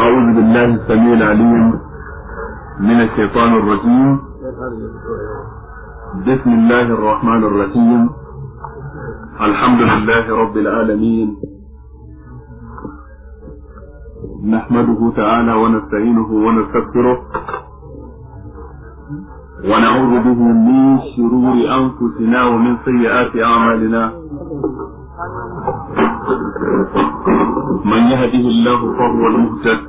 أعوذ بالله السميع العليم من الشيطان الرجيم بسم الله الرحمن الرحيم الحمد لله رب العالمين نحمده تعالى ونستعينه ونستغفره ونعوذ به من شرور أنفسنا ومن سيئات أعمالنا من يهده الله فهو المهتد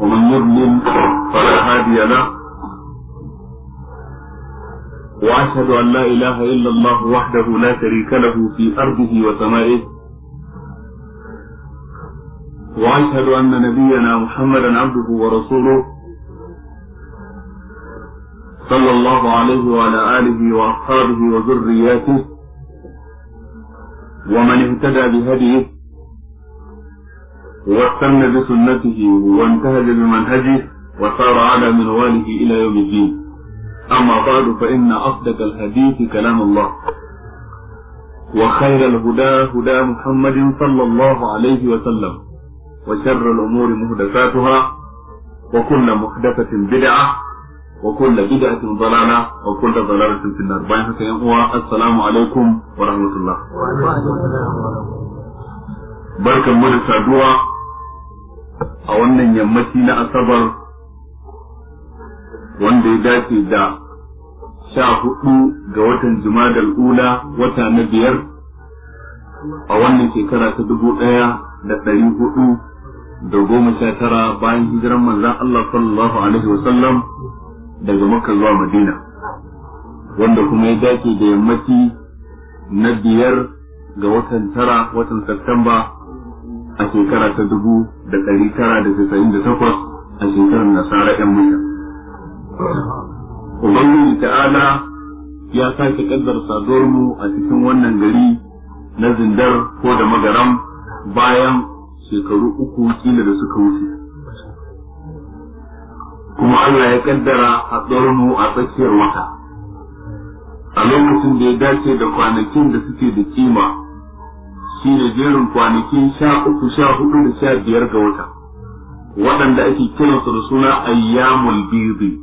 ومن يضلل فلا هادي له واشهد ان لا اله الا الله وحده لا شريك له في ارضه وسمائه واشهد ان نبينا محمدا عبده ورسوله صلى الله عليه وعلى اله واصحابه وذرياته ومن اهتدى بهديه واستنى بسنته وانتهج بمنهجه وسار على منواله إلى يوم الدين أما بعد فإن أصدق الحديث كلام الله وخير الهدى هدى محمد صلى الله عليه وسلم وشر الأمور محدثاتها وكل محدثة بدعة وكل بدعة ضلالة وكل ضلالة في النار باين حكا ينقوى السلام عليكم ورحمة الله بركة مدى سادوة أولا يمتين أصبر wanda ya dace da sha hudu ga watan jumadal ula wata na biyar a wannan shekara ta dubu ɗaya da dari hudu da goma sha tara bayan hijiran manzan Allah daga makka zuwa madina wanda kuma ya dace da yammaci na biyar ga watan tara watan Satumba a shekara ta dubu da ɗari tara da tasa'in da takwas a shekarar nasara ‘yan mutum. Ubangiji ta'ala ya sake kaddar mu a cikin wannan gari na zindar ko da magaram bayan shekaru uku kila da suka wuce. kuma Allah ya kaddara a mu a tsakiyar wata a lokacin da ya dace da kwanakin da suke da kima shi ne jerin kwanakin sha uku sha hudu da sha biyar ga wata waɗanda ake kiransu da suna ayyamul bizi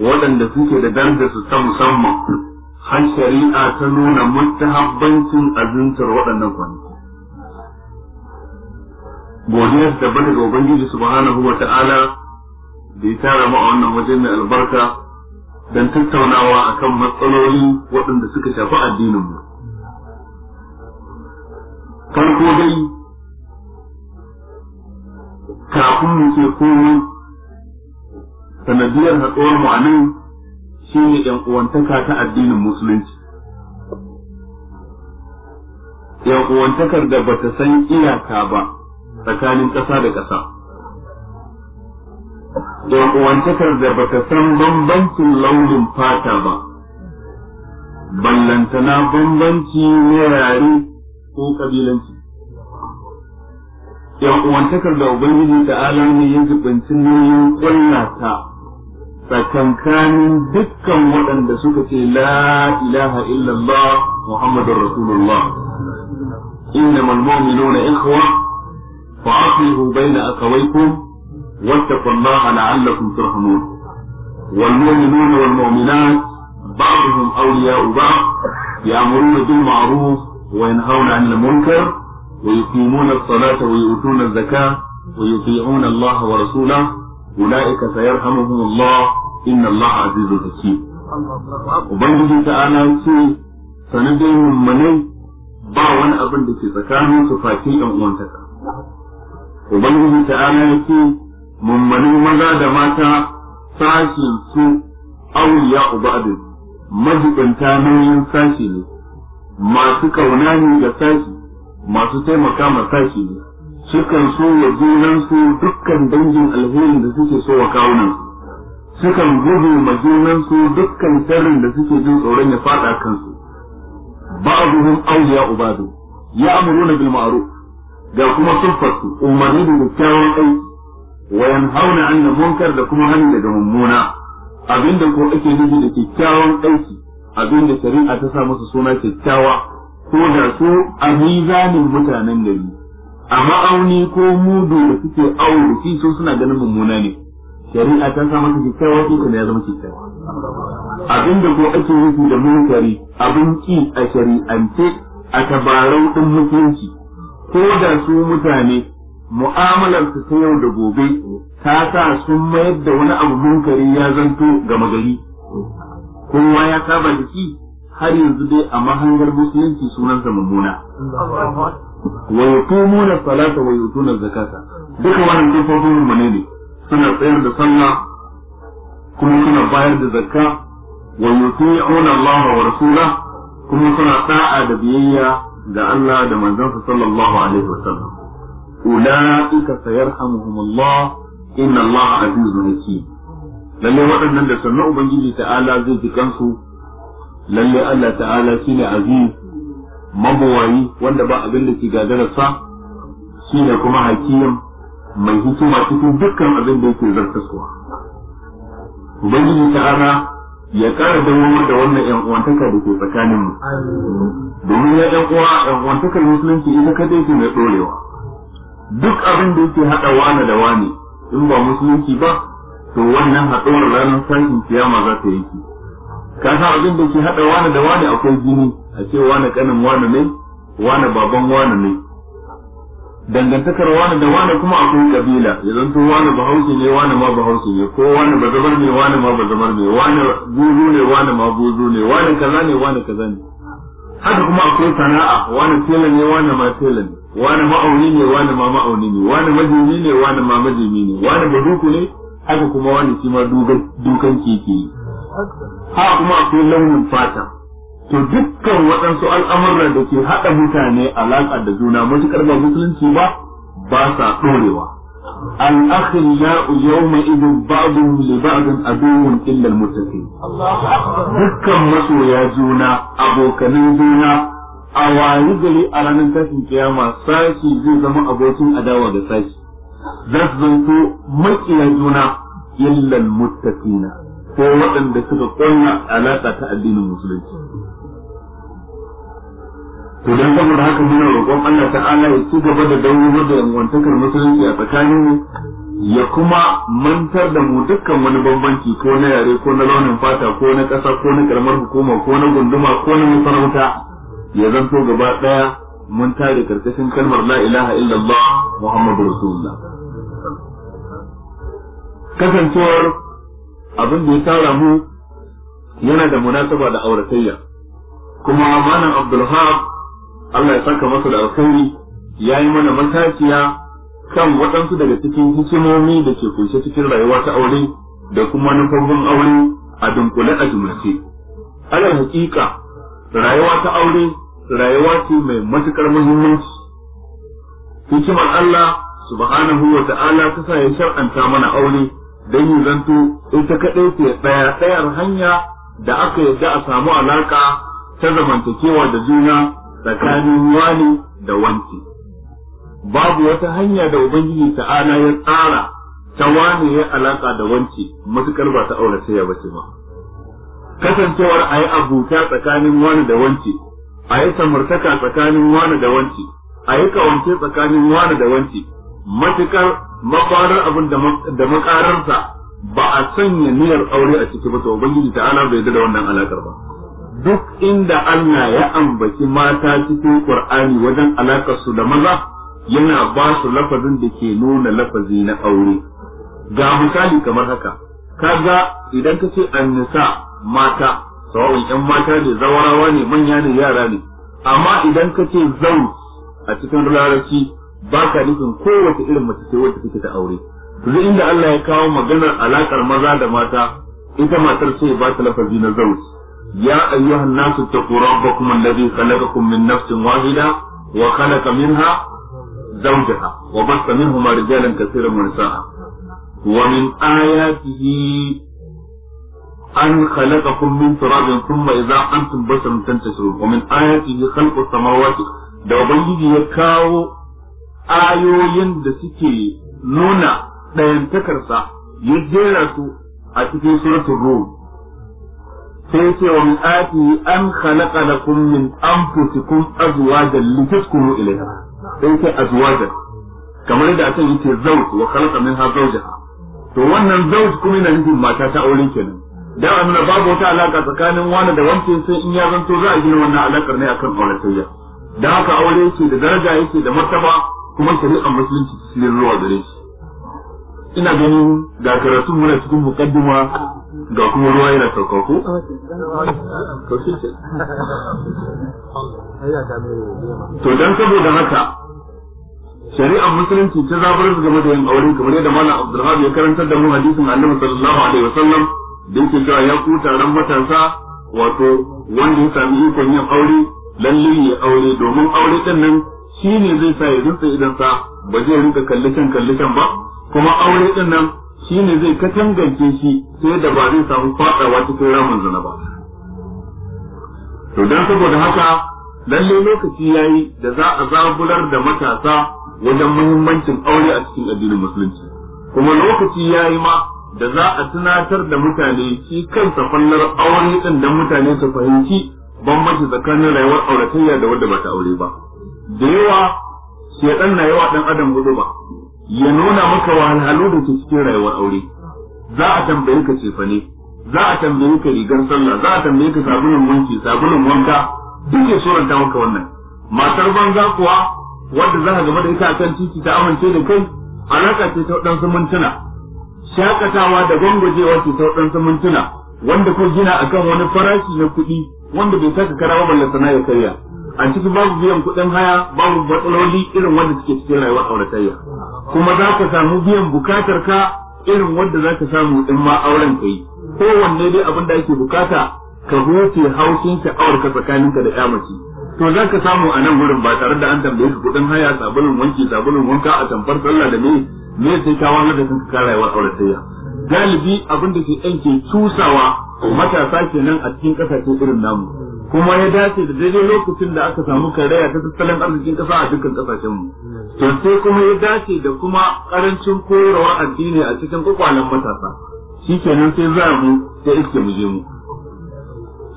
waɗanda suke da danda su ta musamman har shari'a ta nuna mutahabbancin azuntar waɗannan kwanaki godiyar da bane ga ubangiji subhanahu wa ta'ala da ya tara mu a wannan waje mai albarka don tattaunawa a kan matsaloli waɗanda suka shafi addininmu. farko dai kafin mu ce komi sanadiyar haɗuwar mu a nan shi ne ‘yan ta addinin musulunci ‘yan uwantakar da ta san iyaka ba tsakanin ƙasa da ƙasa da uwantakar da ka san bambancin launin fata ba ballantana bambanci na yare ko kabilanci yan uwantakar da ubangiji da alamu ya zubanci nauyin kwallata tsakankanin dukkan waɗanda suka ce la ilaha illallah muhammadur rasulullah innamal mu'minuna ikhwa fa aslihu bayna akawaykum واتقوا الله لعلكم ترحمون والمؤمنون والمؤمنات بعضهم أولياء بعض يأمرون بالمعروف وينهون عن المنكر ويقيمون الصلاة ويؤتون الزكاة ويطيعون الله ورسوله أولئك سيرحمهم الله إن الله عزيز حكيم Ubangiji ta'ala ya ce sanadin mummunai ba wani abin da ke tsakanin su face yan uwantaka. Ubangiji ya ce mummuni maza da mata sashin su auliya ubadu majibinta nauyin sashi ne masu kauna ne ga sashi masu taimaka ma sashi ne sukan so wa junansu dukkan dangin alherin da suke so wa su, sukan gudu ma junansu dukkan sharrin da suke jin tsoron ya fada kansu ba'dhum awliya ubadu ya'muruna bil ma'ruf ga kuma sifatu umarni da kyawun aiki Wayan hauna an anil munkar da kuma hani daga mummuna abinda ko ake nufi da kyakkyawan aiki abinda shari'a ta sa masa suna kyakkyawa ko da su a mizanin mutanen gari a ma'auni ko mudu da suke awo da shi su suna ganin mummuna ne shari'a ta sa masa kyakkyawa su kuma ya zama kyakkyawa abinda ko ake nufi da munkari abin ki a shari'ance a tabarau din mutunci ko da su mutane mu'amalar su ta yau da gobe ta sa sun mayar da wani abu munkari ya zanto ga magari kowa ya saba da shi har yanzu dai a mahangar musulunci sunansa mummuna wa yuqimuna salata wa yutuna zakata duka wannan kofofin mune ne suna tsayar da sallah kuma suna bayar da zakka wa yuti'una Allah wa rasulahu kuma suna da'a da biyayya ga Allah da manzansa sallallahu alaihi wasallam ulaika sayarhamuhumullah inna Allah azizun hakim lalle waɗannan da sannan ubangiji ta'ala zai ji kansu lalle Allah ta'ala shine aziz mabawayi wanda ba abin da ke gagararsa shine kuma hakim mai hikima cikin dukkan abin da yake zartaswa ubangiji ta'ala ya ƙara dawamar da wannan ƴan uwantaka da ke tsakaninmu. domin ya ƴan uwa ƴan uwantakar musulunci ita kadai ce mai ɗorewa duk abin da yake hada wani da wani in ba musulunci ba to wannan haɗuwar ranar sanin kiyama za ta yanki ka san abin da yake hada wani da wani akwai jini a ce wani kanin wani ne wani baban wani ne dangantakar wani da wani kuma akwai kabila ya zanto wani bahaushe ne wani ma bahaushe ne ko wani bazabar ne wani ma bazabar ne wani guzu ne wani ma guzu ne wani kaza ne wani kaza ne haka kuma akwai sana'a wani tela ne wani ma tela ne wani ma'auni ne wani ma ma'auni ne wani majimi ne wani ma majimi ne wani baduku ne haka kuma wani shi ma dukan keke yi ha kuma akwai launin fata to dukkan waɗansu al'amuran da ke haɗa mutane alaƙa da juna matuƙar ba musulunci ba ba sa ɗorewa الأخلاء يومئذ بعضهم لبعض عدو إلا المتقين دكا مسو Dukkan masoya juna كنين juna. a wayi gari a ranar tashin kiyama sashi zai zama abokin adawa da sashi za su zanto makiya juna illal mutafina ko waɗanda suka ƙulla alaƙa ta addinin musulunci to dan saboda haka muna roƙon Allah ta'ala ya ci gaba da dawo da yanwantakar musulunci a tsakanin ya kuma mantar da mu dukkan wani bambanci ko na yare ko na launin fata ko na ƙasa ko na karamar hukuma ko na gunduma ko na masarauta ya zanto gaba daya mun tare karkashin kalmar la ilaha illallah muhammadu rasulullah kasancewar abin da ya tara mu yana da munasaba da auratayya kuma malam abdulhab Allah ya saka masa da alkhairi ya yi mana matakiya kan waɗansu daga cikin hikimomi da ke kunshe cikin rayuwa ta aure da kuma nufofin aure a dunkule a jumarce. alal hakika rayuwa ta aure rayuwa ce mai matukar muhimmanci hikimar Allah subhanahu wa ta'ala ta sa ya shar'anta mana aure don yi zanto ita kaɗai ce ɗaya ɗayar hanya da aka yadda a samu alaka ta zamantakewa da juna tsakanin wani da wanki babu wata hanya da ubangiji ta'ala ya tsara ta wani ya alaka da wanki matukar ba ta aure sai ya bace ba kasancewar a yi abuta tsakanin wani da wanki a yi samartaka tsakanin wani da wanci a yi kawance tsakanin wani da wanci matukar mafarar abin da makararsa ba a sanya niyyar aure a ciki ba to ubangiji ta ana bai da wannan alakar ba duk inda Allah ya ambaci mata cikin Qur'ani wajen alakar su da maza yana ba su lafazin da ke nuna lafazi na aure ga misali kamar haka kaga idan ka ce annisa mata sawa'un yan mata ne zawarawa ne manya ne yara ne amma idan ka ce zau a cikin larabci ba ka nufin kowace irin mace ce wadda take ta aure duk inda Allah ya kawo maganar alakar maza da mata ita matar ce ba ta lafazi na zau ya ayyuhan nasu taqu rabbakum alladhi khalaqakum min nafsin wahida wa khalaqa minha zawjaha wa basta minhuma rijalan katsiran wa nisaa min ayatihi أن خلقكم من تراب ثم إذا أنتم بشر تنتشرون ومن آياته خلق السماوات da Ubangiji ya kawo ayoyin da suke nuna ɗayantakarsa ya jera su a cikin suratul Rum sai ce wa min ayati an khalaqa lakum min anfusikum azwajan litaskunu ilayha sai ce azwajan kamar da akan ce zawj wa khalaqa minha zawjaha to wannan zawj kuma yana nufin mata ta aure kenan dan na babu wata alaka tsakanin wani da wancan sai in ya zanto za a gina wannan alakar ne akan auratayya da haka aure yake da daraja yake da martaba kuma shari'a musulunci cikin ruwa gare shi ina ganin ga karatu muna cikin mukaddima ga kuma ruwa yana saukako to dan saboda haka shari'ar musulunci ta zabar game da yin aure kamar yadda malam abdulhabi ya karantar da mu hadisin annabi sallallahu alaihi wasallam don da ya ku taron matasa wato wanda ya sami ikon yin aure lalle ya aure domin aure din nan shi ne zai sa ya rinsa idan sa ba zai rinka kallishan kallishan ba kuma aure din nan shi ne zai katangance shi sai da ba zai samu fadawa cikin ramin zina ba to dan saboda haka lalle lokaci yayi da za a zaburar da matasa wajen muhimmancin aure a cikin addinin musulunci kuma lokaci yayi ma da za a tunatar da mutane shi kansa fannar aure din da mutane su fahimci bambanci tsakanin rayuwar auratayya da wadda ba ta aure ba da yawa shedan na yawa dan adam gudu ba ya nuna maka wahalhalu da ke cikin rayuwar aure za a tambaye ka cefane za a tambaye ka rigar sallah za a tambaye ka sabulun wanki sabulun wanka duk ya ta maka wannan matar banza kuwa wadda za ka gaba da ita kan titi ta amince da kai alaka ce ta dan mintuna shakatawa da gwangwajewar cutar ɗan samantuna wanda ko gina akan wani farashi na kuɗi wanda bai saka kara ba balla sana ya karya a cikin babu biyan kuɗin haya babu matsaloli irin wanda suke cikin rayuwar auratayya kuma za ka samu biyan bukatar ka irin wanda za ka samu in ma auren ka yi kowanne dai abin da ake bukata ka huce haushin sha'awar ka tsakaninka da ya mace to za ka samu a nan gurin ba tare da an tambaye ka kuɗin haya sabulun wanki sabulun wanka a tamfar sallah da me me sai kawo wani da sun kara yawa auratayya galibi abin da ke yanke tusawa cusawa matasa kenan a cikin ƙasashe irin namu kuma ya dace da daidai lokacin da aka samu karaya ta tattalin arzikin kasa a dukkan kasashen mu to sai kuma ya dace da kuma karancin koyarwa addini a cikin kwakwalen matasa shikenan sai za mu sai iske mu je mu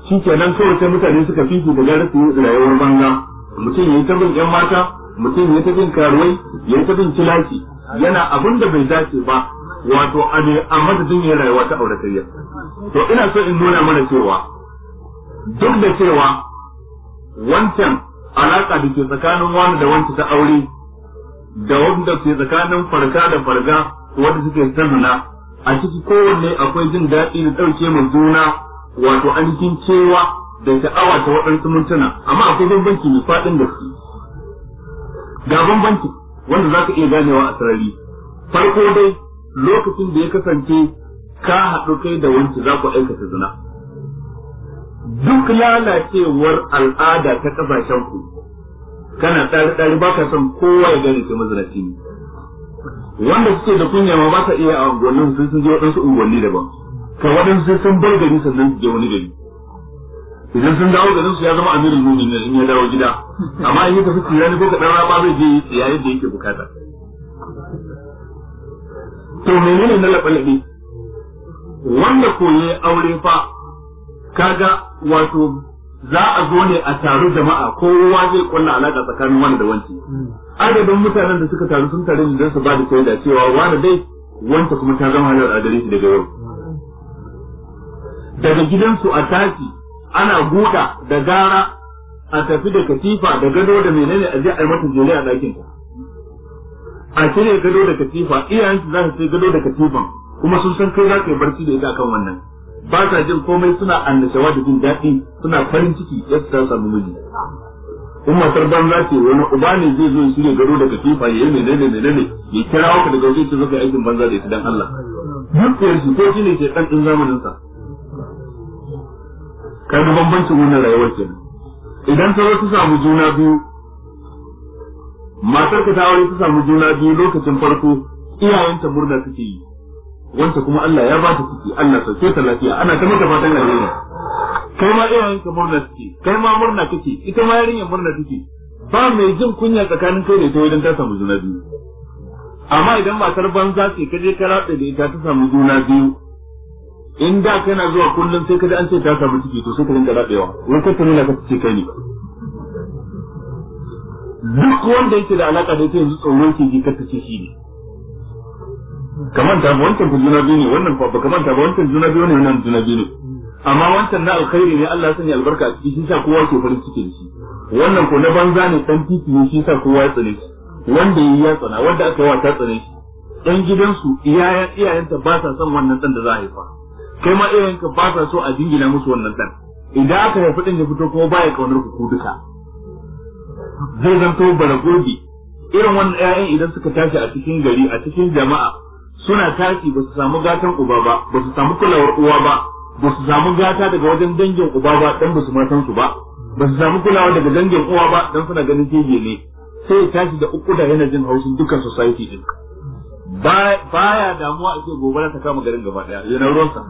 shikenan kawai sai mutane suka fifi da gara su rayuwar banza mutum ya yi ta bin 'yan mata mutum ya ta bin karuwai ya ta bin kilaki yana abin da bai dace ba wato a ne a madadin yin rayuwa ta auratayya to ina so in nuna mana cewa duk da cewa wancan alaƙa da ke tsakanin wani da wancan ta aure da wanda ke tsakanin farka da farga wanda suke sanuna a ciki kowanne akwai jin daɗi da ɗauke mai juna wato ainihin cewa da sha'awa ta waɗansu mintuna amma akwai bambanci mai faɗin da su ga bambanci wanda za ka iya ganewa a sarari farko dai lokacin da ya kasance ka haɗu kai da wancan za ku aikata zina duk lalacewar al'ada ta ƙasashen ku kana tsari tsari ba ka son kowa ya gane ke mazinaci ne wanda suke da kunya ma ba ka iya a unguwannin sun sun je waɗansu unguwanni daban ka waɗansu sun bar gari sannan su je wani gari idan sun dawo garin su ya zama nuni ne in ya dawo gida amma in ya tafi tirani ko kadan raba zai je yi tsiya da yake bukata to menene na labalabi wanda koye aure fa kaga wato za a zo ne a taru jama'a kowa zai kulla alaka tsakanin wani da wanci adadin mutanen da suka taru sun taru da don su ba da shaida cewa wani dai wanta kuma ta zama halar a gare shi daga yau daga gidansu a tashi ana guda da gara a tafi da katifa da gado da menene a je a mata a ɗakin ta a cire gado da katifa iyayen su za su sai gado da katifan kuma sun san kai za ka yi barci da ita kan wannan ba sa jin komai suna annashawa da jin daɗi suna farin ciki yadda ta samu miji in matar banza ce wani uba ne zai zo shirya gado da katifa ya yi menene menene ya kira ka daga wajen ce zaka aikin banza da ita dan Allah duk yanzu ko shine ke ɗan ɗin zamaninsa. sa kaga bambancin wannan rayuwar ke idan ta wasu samu juna biyu matar ka ta aure ta samu juna biyu lokacin farko iyayenta murna suke yi wanda kuma Allah ya ba ta ciki Allah sauke ta lafiya ana ta mata fatan alheri kai ma iyayenka murna suke kai ma murna kake ita ma yarinyar murna take ba mai jin kunya tsakanin kai da ita wajen ta samu juna biyu amma idan matar banza ce kaje ka rabe da ita ta samu juna biyu in da kana zuwa kullum sai kada an ce ta samu ciki to sai ka rinka dadewa wai ka nuna ka ce kai ne duk wanda yake da alaka da ita yanzu tsoron ke ji ka ta ce shi ne ta ba wancan juna biyu ne wannan ba ta ba wancan juna biyu ne wannan juna biyu ne amma wancan na alkhairi ne Allah sani albarka a cikin sa kowa ke farin cikin shi wannan ko na banza ne dan titi ne shi sa kowa ya tsare shi wanda yayi ya tsana wanda aka yi wa ta tsare shi dan gidansu iyayen iyayenta ba sa son wannan dan da za a haifa kai ma iyayenka ba sa so a jingina musu wannan dan idan aka haifi ɗin ya fito kuma baya kaunar ku ku duka zai zanto baragurbi irin wannan ƴaƴan idan suka tashi a cikin gari a cikin jama'a suna tashi ba su samu gatan uba ba ba su samu kulawar uwa ba ba su samu gata daga wajen dangin uba ba dan ba su ma san su ba ba su samu kulawa daga dangin uwa ba dan suna ganin tege ne sai ya tashi da uku da yana jin haushin dukkan society din baya damuwa a ce gobara ta kama garin gaba daya yana ruwansa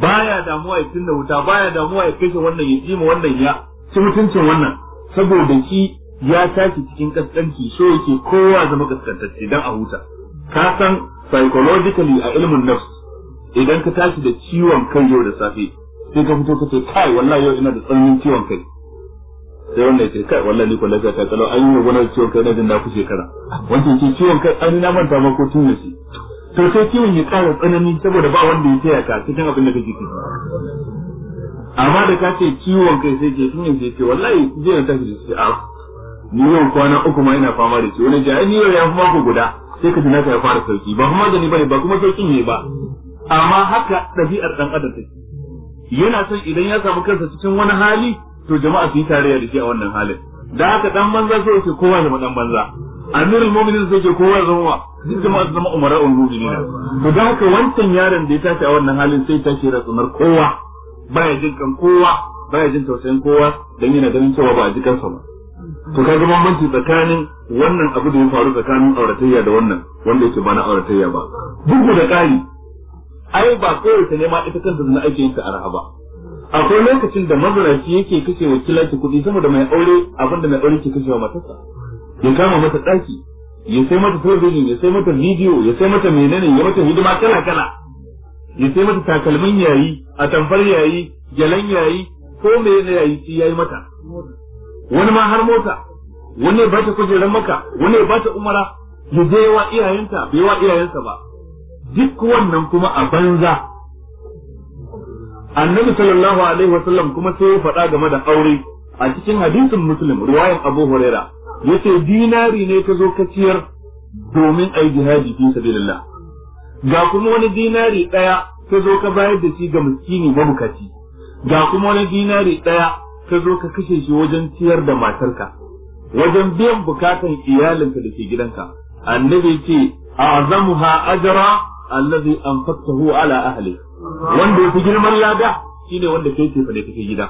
baya damuwa ya cinna wuta baya damuwa ya kashe wannan ya jima wannan ya ci mutuncin wannan saboda shi ya tashi cikin kaskanci so yake kowa zama kaskantacce dan a huta ka san psychologically a ilmin nafs idan ka tashi da ciwon kai yau da safe sai ka fito ka ce kai wallahi yau ina da tsananin ciwon kai sai wannan ya ce kai wallahi ni ko lafiya ta kalau an yi wani ciwon kai na jin na ku shekara wancan ce ciwon kai an na manta ma ko tun yace to sai ciwon ya kara tsanani saboda ba wanda ya ya ka cikin abin da kake ciki amma da ka ce ciwon kai sai ce tun ya ce wallahi jiya ta da ce a ah, ni yau kwana uku ma ina fama da ciwon ja ni yau ya fi mako guda sai ka ka ya fara sauki ba kuma gani bane ba kuma sauƙin ne ba amma haka ɗabi'ar ɗan adam take yana son idan ya samu kansa cikin wani hali to jama'a su yi tarayya da shi a wannan halin da haka dan banza sai ce kowa zama dan banza amirul mu'minin sai ce kowa zama duk jama'a su zama ul mu'minin to da haka wancan yaron da ya tashi a wannan halin sai tashi ratsunar kowa baya jin kan kowa baya jin tausayin kowa dan yana ganin cewa ba a ji kansa ba to kaga bambanci tsakanin wannan abu da ya faru tsakanin auratayya da wannan wanda yake ba na auratayya ba duk da kai ai ba kowace ne ma ita kanta da na aikin ta arha ba akwai lokacin da mazaraci yake kake wa kilaci kuɗi sama da mai aure abinda da mai aure ke wa matasa. ya kama mata ɗaki ya sai mata television ya sai mata video ya sai mata menene ya mata hidima kala kala ya sai mata takalmin yayi a tamfar yayi gyalan yayi ko me yayi shi yayi mata wani ma har mota wani ba ta kujerar maka wani ba ta umara ya je wa iyayenta bai wa iyayensa ba duk wannan kuma a banza annabi sallallahu alaihi wasallam kuma sai ya faɗa game da aure a cikin hadisin muslim riwayan abu huraira yace dinari ne ka zo ka ciyar domin ai jihadi fi sabilillah ga kuma wani dinari daya ka zo ka bayar da shi ga miskini mabukaci ga kuma wani dinari daya ka zo ka kashe shi wajen ciyar da matarka wajen biyan bukatan iyalinka da ke gidanka annabi ce a'zamuha ajra allazi anfaqtahu ala ahlihi wanda ya fi girman lada shi ne wanda kai ce fane kake gida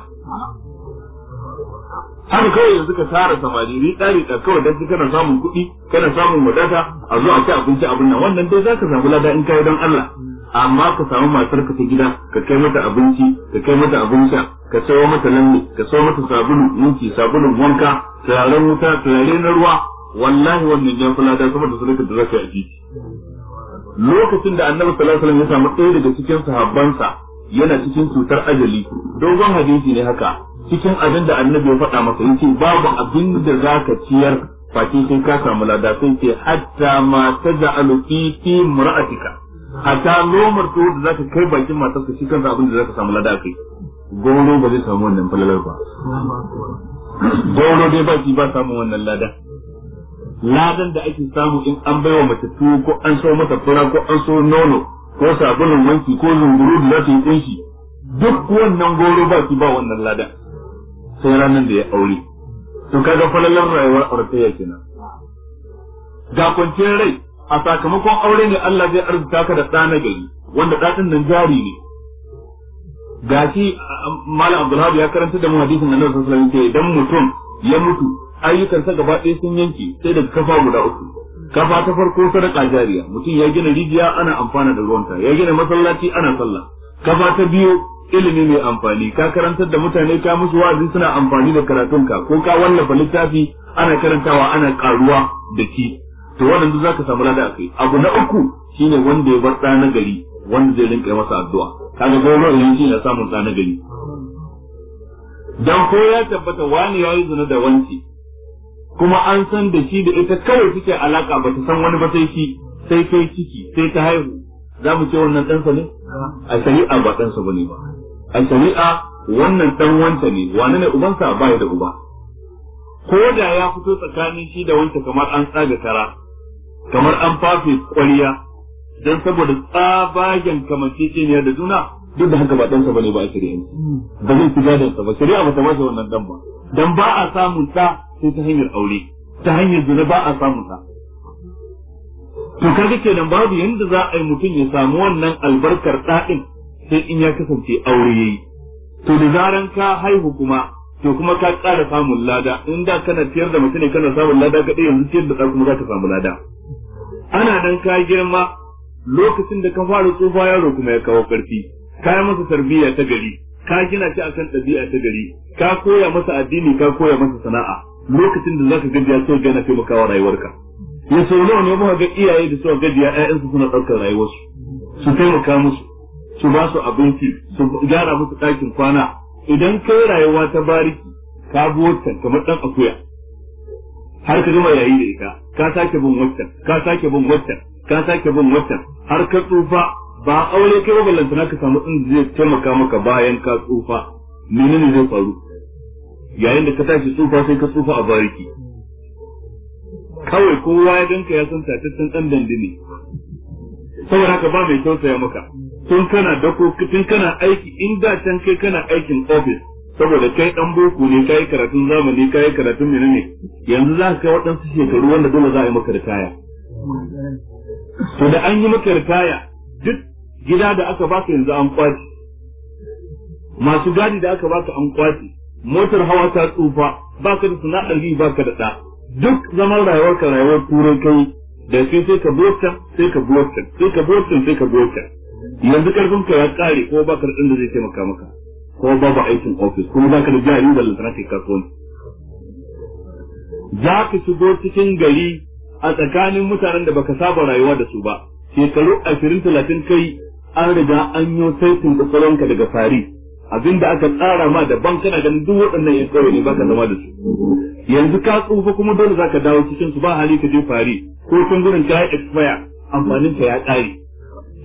har kawai yanzu ka tara samari ri tsari da kawai dan kana samun kuɗi kana samun wadata a zo a ci abinci abin nan wannan dai zaka samu lada in kai don Allah amma ka samu matar ka ta gida ka kai mata abinci ka kai mata abin sha ka sayo mata lalle ka sayo mata sabulu minti sabulun wanka turaren wuta turare na ruwa wallahi wannan jan saboda sama da sadaka da zaka yi lokacin da annabi sallallahu alaihi wasallam ya samu ɗaya daga cikin sahabbansa yana cikin cutar ajali dogon hadisi ne haka cikin abin da annabi ya faɗa masa yace babu abin da zaka ciyar face sai ka samu lada sai ce hatta ma taj'alu fi fi mar'atika hatta lomar to da zaka kai bakin matarka shi kansa abin da zaka samu lada kai goro ba zai samu wannan falalar ba goro dai baki ba samu wannan lada ladan da ake samu in an baiwa mace tuwo ko an so mata fura ko an so nono ko sabulun wanki ko zunguru da za yi kunshi duk wannan goro ba shi ba wannan ladan sai ranar da ya aure to kaga falalar rayuwar yake kenan ga kwanciyar rai a sakamakon aure ne Allah zai arzuta ka da ɗa na gari wanda dadin nan jari ne gashi malam abdulhab ya karanta da mu hadisin annabi sallallahu alaihi wasallam idan mutum ya mutu Ayyukan sa gaba ɗaya sun yanke sai daga kafa guda uku kafa ta farko sadaka jariya mutum ya gina rijiya ana amfana da ruwanta ya gina masallaci ana sallah kafa ta biyu ilimi mai amfani ka karantar da mutane ka musu wa'azi suna amfani da karatunka ko ka wallafa littafi ana karantawa ana karuwa da ki to wannan duk zaka samu lada akai abu na uku shine wanda ya bar da na gari wanda zai rinka masa addu'a kaga yin shi na samun da na gari dan ko ya tabbata wani yayi zina da wanci kuma an san da shi da ita kawai suke alaka ba ta san wani ba sai shi sai kai ciki sai ta haihu za mu ce wannan ɗansa ne a shari'a ba ɗansa ba ne ba a shari'a wannan ɗan wanta ne wane ne ubansa ba ya da uba ko da ya fito tsakanin shi da wanta kamar an tsaga kara kamar an fafe kwariya dan saboda tsabagen kamanceceniyar da juna duk da haka ba ɗansa ba ne ba a shari'a ba zai fi gadonsa ba shari'a ba ta ba wannan ɗan ba dan ba a samun ta sai ta hanyar aure ta hanyar zina ba a samun sa to kaga kenan babu yanda za a yi mutum ya samu wannan albarkar ɗa'in sai in ya kasance aure yayi to da zaran ka haihu kuma to kuma ka ƙara samun lada in da kana ciyar da mutum ne kana samun lada kaɗai yanzu ciyar da kuma za ka samu lada ana nan ka girma lokacin da ka fara tsufa yaro kuma ya kawo ƙarfi ka yi masa tarbiyya ta gari ka gina shi akan ɗabi'a ta gari ka koya masa addini ka koya masa sana'a lokacin da zaka gajiya so ga na taimakawa rayuwarka ya so nawa ne muka ga iyaye da suka gajiya ƴaƴansu suna ɗaukar rayuwarsu su taimaka musu su ba su abinci su gyara musu ɗakin kwana idan kai rayuwa ta bariki ka bi kamar ɗan akuya har ka gama yayi da ita ka sake bin wata ka sake bin wata ka sake bin wata har ka tsufa ba aure kai ba ballantana ka samu inda zai taimaka maka bayan ka tsufa menene zai faru yayin da ka tashi tsufa sai ka tsufa a bariki kawai kowa ya ganka ya san tatattun dan dandini saboda haka ba mai tausaya maka tun kana dako tun kana aiki in da can kai kana aikin office saboda kai dan boko ne kai karatun zamani kai karatun ne yanzu za ka kai waɗansu shekaru wanda dole za a yi maka ritaya to da an yi maka ritaya duk gida da aka baka yanzu an kwaci masu gadi da aka baka an kwaci motar hawa ta tsufa ba ka da sana'ar ɗari ba ka da ɗa duk zaman rayuwar ka rayuwar turai kai da sai sai ka bota sai ka bota sai ka bota sai ka bota yanzu karfin ka ya kare ko ba ka da da zai taimaka maka ko babu aikin ofis kuma ba ka da jari da lantarki kasuwanci za ka shigo cikin gari a tsakanin mutanen da baka saba rayuwa da su ba shekaru ashirin talatin kai an riga an yi saitin kwakwalwanka daga Faris. abin da aka tsara ma daban kana ganin duk waɗannan yan kawai ne baka zama da su yanzu ka tsufa kuma dole zaka dawo cikin su ba hali ka je fari ko kun gurin ka expire amfanin ka ya ƙare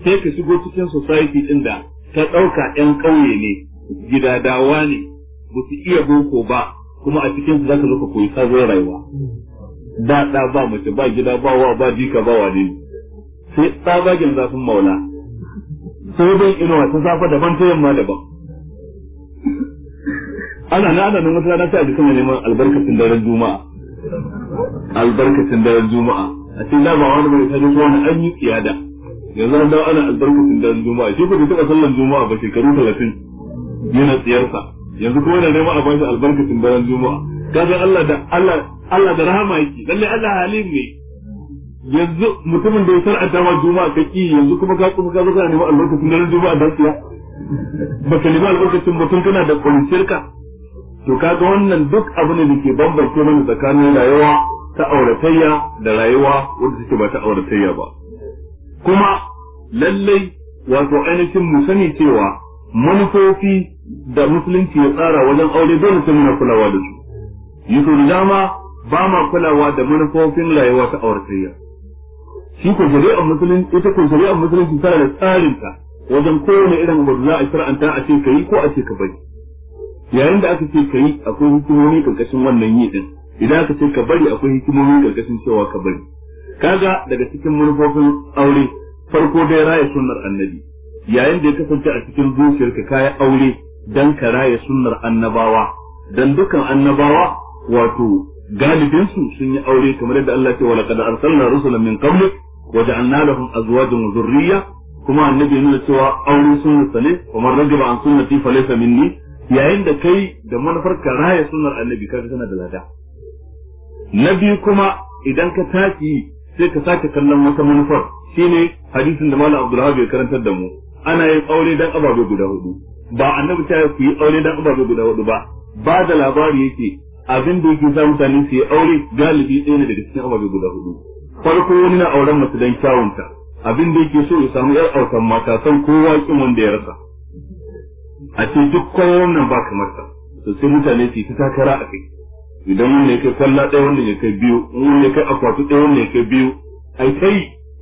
sai ka shigo cikin society din da ka ɗauka yan ƙauye ne gidadawa ne ba su iya boko ba kuma a cikin su zaka zo ka koyi sabon rayuwa da da ba mace ba gida ba wa ba jika ba wa ne sai tsabagen zafin maula sai dai inuwa ta safa daban ta yamma daban ana na ana nan wata na sai a ji neman albarkacin daren juma'a albarkacin daren juma'a a ce ba wani bai ta ji wani an yi tsiyada yanzu an dawo ana albarkacin daren juma'a shi ko da taɓa sallan juma'a ba shekaru talatin yana tsiyarsa yanzu kuma yana neman a bashi albarkacin daren juma'a kaga Allah da Allah Allah da rahama yake lalle Allah halim ne yanzu mutumin da ya sar'anta ma juma'a kake yanzu kuma ka kuma ka zo ka neman albarkacin daren juma'a da tsiya ba nemi albarkacin mutum kana da kwanciyar to kaga wannan duk abu da ke bambance mana tsakanin rayuwa ta auratayya da rayuwa wadda take ba ta auratayya ba kuma lallai wato ainihin mu cewa manufofi da musulunci ya tsara wajen aure dole sai muna kulawa da su yi da dama ba ma kulawa da manufofin rayuwa ta auratayya shi ko a musulunci ita ko a musulunci tana da tsarinta wajen kowane irin abu da za a shar'anta a ce kai ko a ce ka bari yayin da aka ce ka yi akwai hukumomi karkashin wannan yi din idan aka ce ka bari akwai hikimomi karkashin cewa ka bari kaga daga cikin manufofin aure farko dai raya sunnar annabi yayin da ya kasance a cikin zuciyarka kaya aure dan ka raya sunnar annabawa dan dukan annabawa wato galibinsu sun yi aure kamar yadda Allah ce wa laqad arsalna rusulan min qablik wa ja'alna lahum azwajan wa dhurriyya kuma annabi nuna cewa aure sunna ne kamar man an sunnati falaysa minni yayin da kai da manufar ka raya sunan annabi kaga kana da lada na biyu kuma idan ka tashi sai ka sake kallon wata manufar shine hadisin da malam abdullahi ya karantar da mu ana yin aure dan ababe guda hudu ba annabi ta yi aure dan ababe guda hudu ba ba da labari yake abin da yake sa mutane su yi aure galibi ɗaya ne daga cikin ababe guda hudu farko wani na auren mace dan kyawunta abin da yake so ya samu yar autan mata san kowa kin wanda ya rasa a ce duk kwallon nan ba kamar sa to sai mutane su ta takara a kai idan wanda ya kai kwalla ɗaya wanda ya kai biyu wanda ya kai akwatu ɗaya wanda ya kai biyu ai kai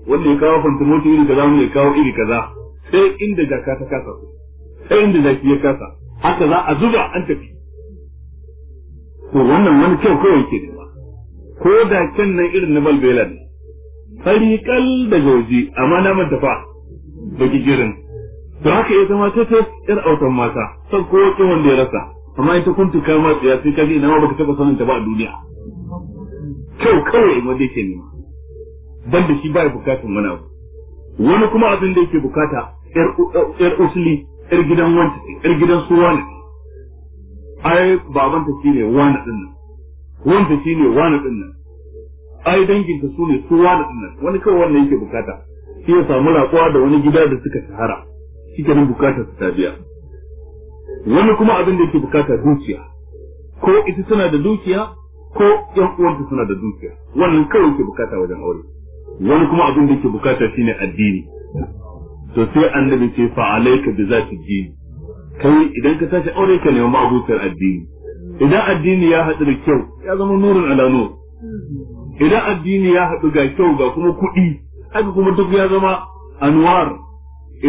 wanda ya kawo fantamoti iri kaza wanda ya kawo iri kaza sai inda jaka ta kasa sai inda jaki ya kasa haka za a zuba an tafi to wannan wani kyau kawai ke nema ko da kyan nan irin na balbela ne fari kal da gauji amma na manta fa baki girin da haka ya zama ta yar autan mata san ko wace wanda ya rasa amma ita kun tuka ma ya sai kaji ina ma baka taba sanin ta ba a duniya kyau kawai wanda yake nema dan da shi ba ya bukatun wani abu wani kuma abin da yake bukata yar usuli yar gidan wanta yar gidan su wani ai babanta shine wani din nan wanta shine wani din nan ai danginta su ne su wani din nan wani kawai wannan yake bukata sai ya samu rakuwa da wani gida da suka shahara shi kenan bukatar ta biya wani kuma abin da yake bukata dukiya ko ita tana da dukiya ko yan uwanta suna da dukiya wannan kawai yake bukata wajen aure wani kuma abin da yake bukata shine addini to sai annabi ce fa alayka bi zati din kai idan ka tashi aure ka nemi abutar addini idan addini ya haɗu da kyau ya zama nurin ala nur idan addini ya haɗu ga kyau ga kuma kuɗi haka kuma duk ya zama anwar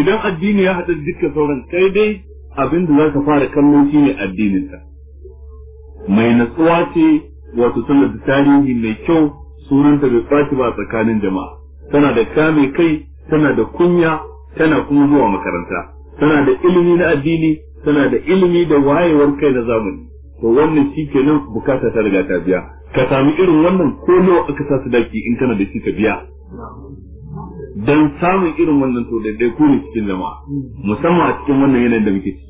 idan addini ya haɗa dukkan sauran kai dai abin da za ka fara kallo shi ne addininsa mai natsuwa ce wato tana da tarihi mai kyau sunanta bai ɓaci ba tsakanin jama'a tana da kame kai tana da kunya tana kuma zuwa makaranta tana da ilimi na addini tana da ilimi da wayewar kai na zamani to wannan shi kenan bukata ta riga ta biya ka sami irin wannan ko nawa aka sa su daki in kana da shi ka biya dan samun irin wannan to daidai ku ne cikin jama'a musamman a cikin wannan yanayin da muke ciki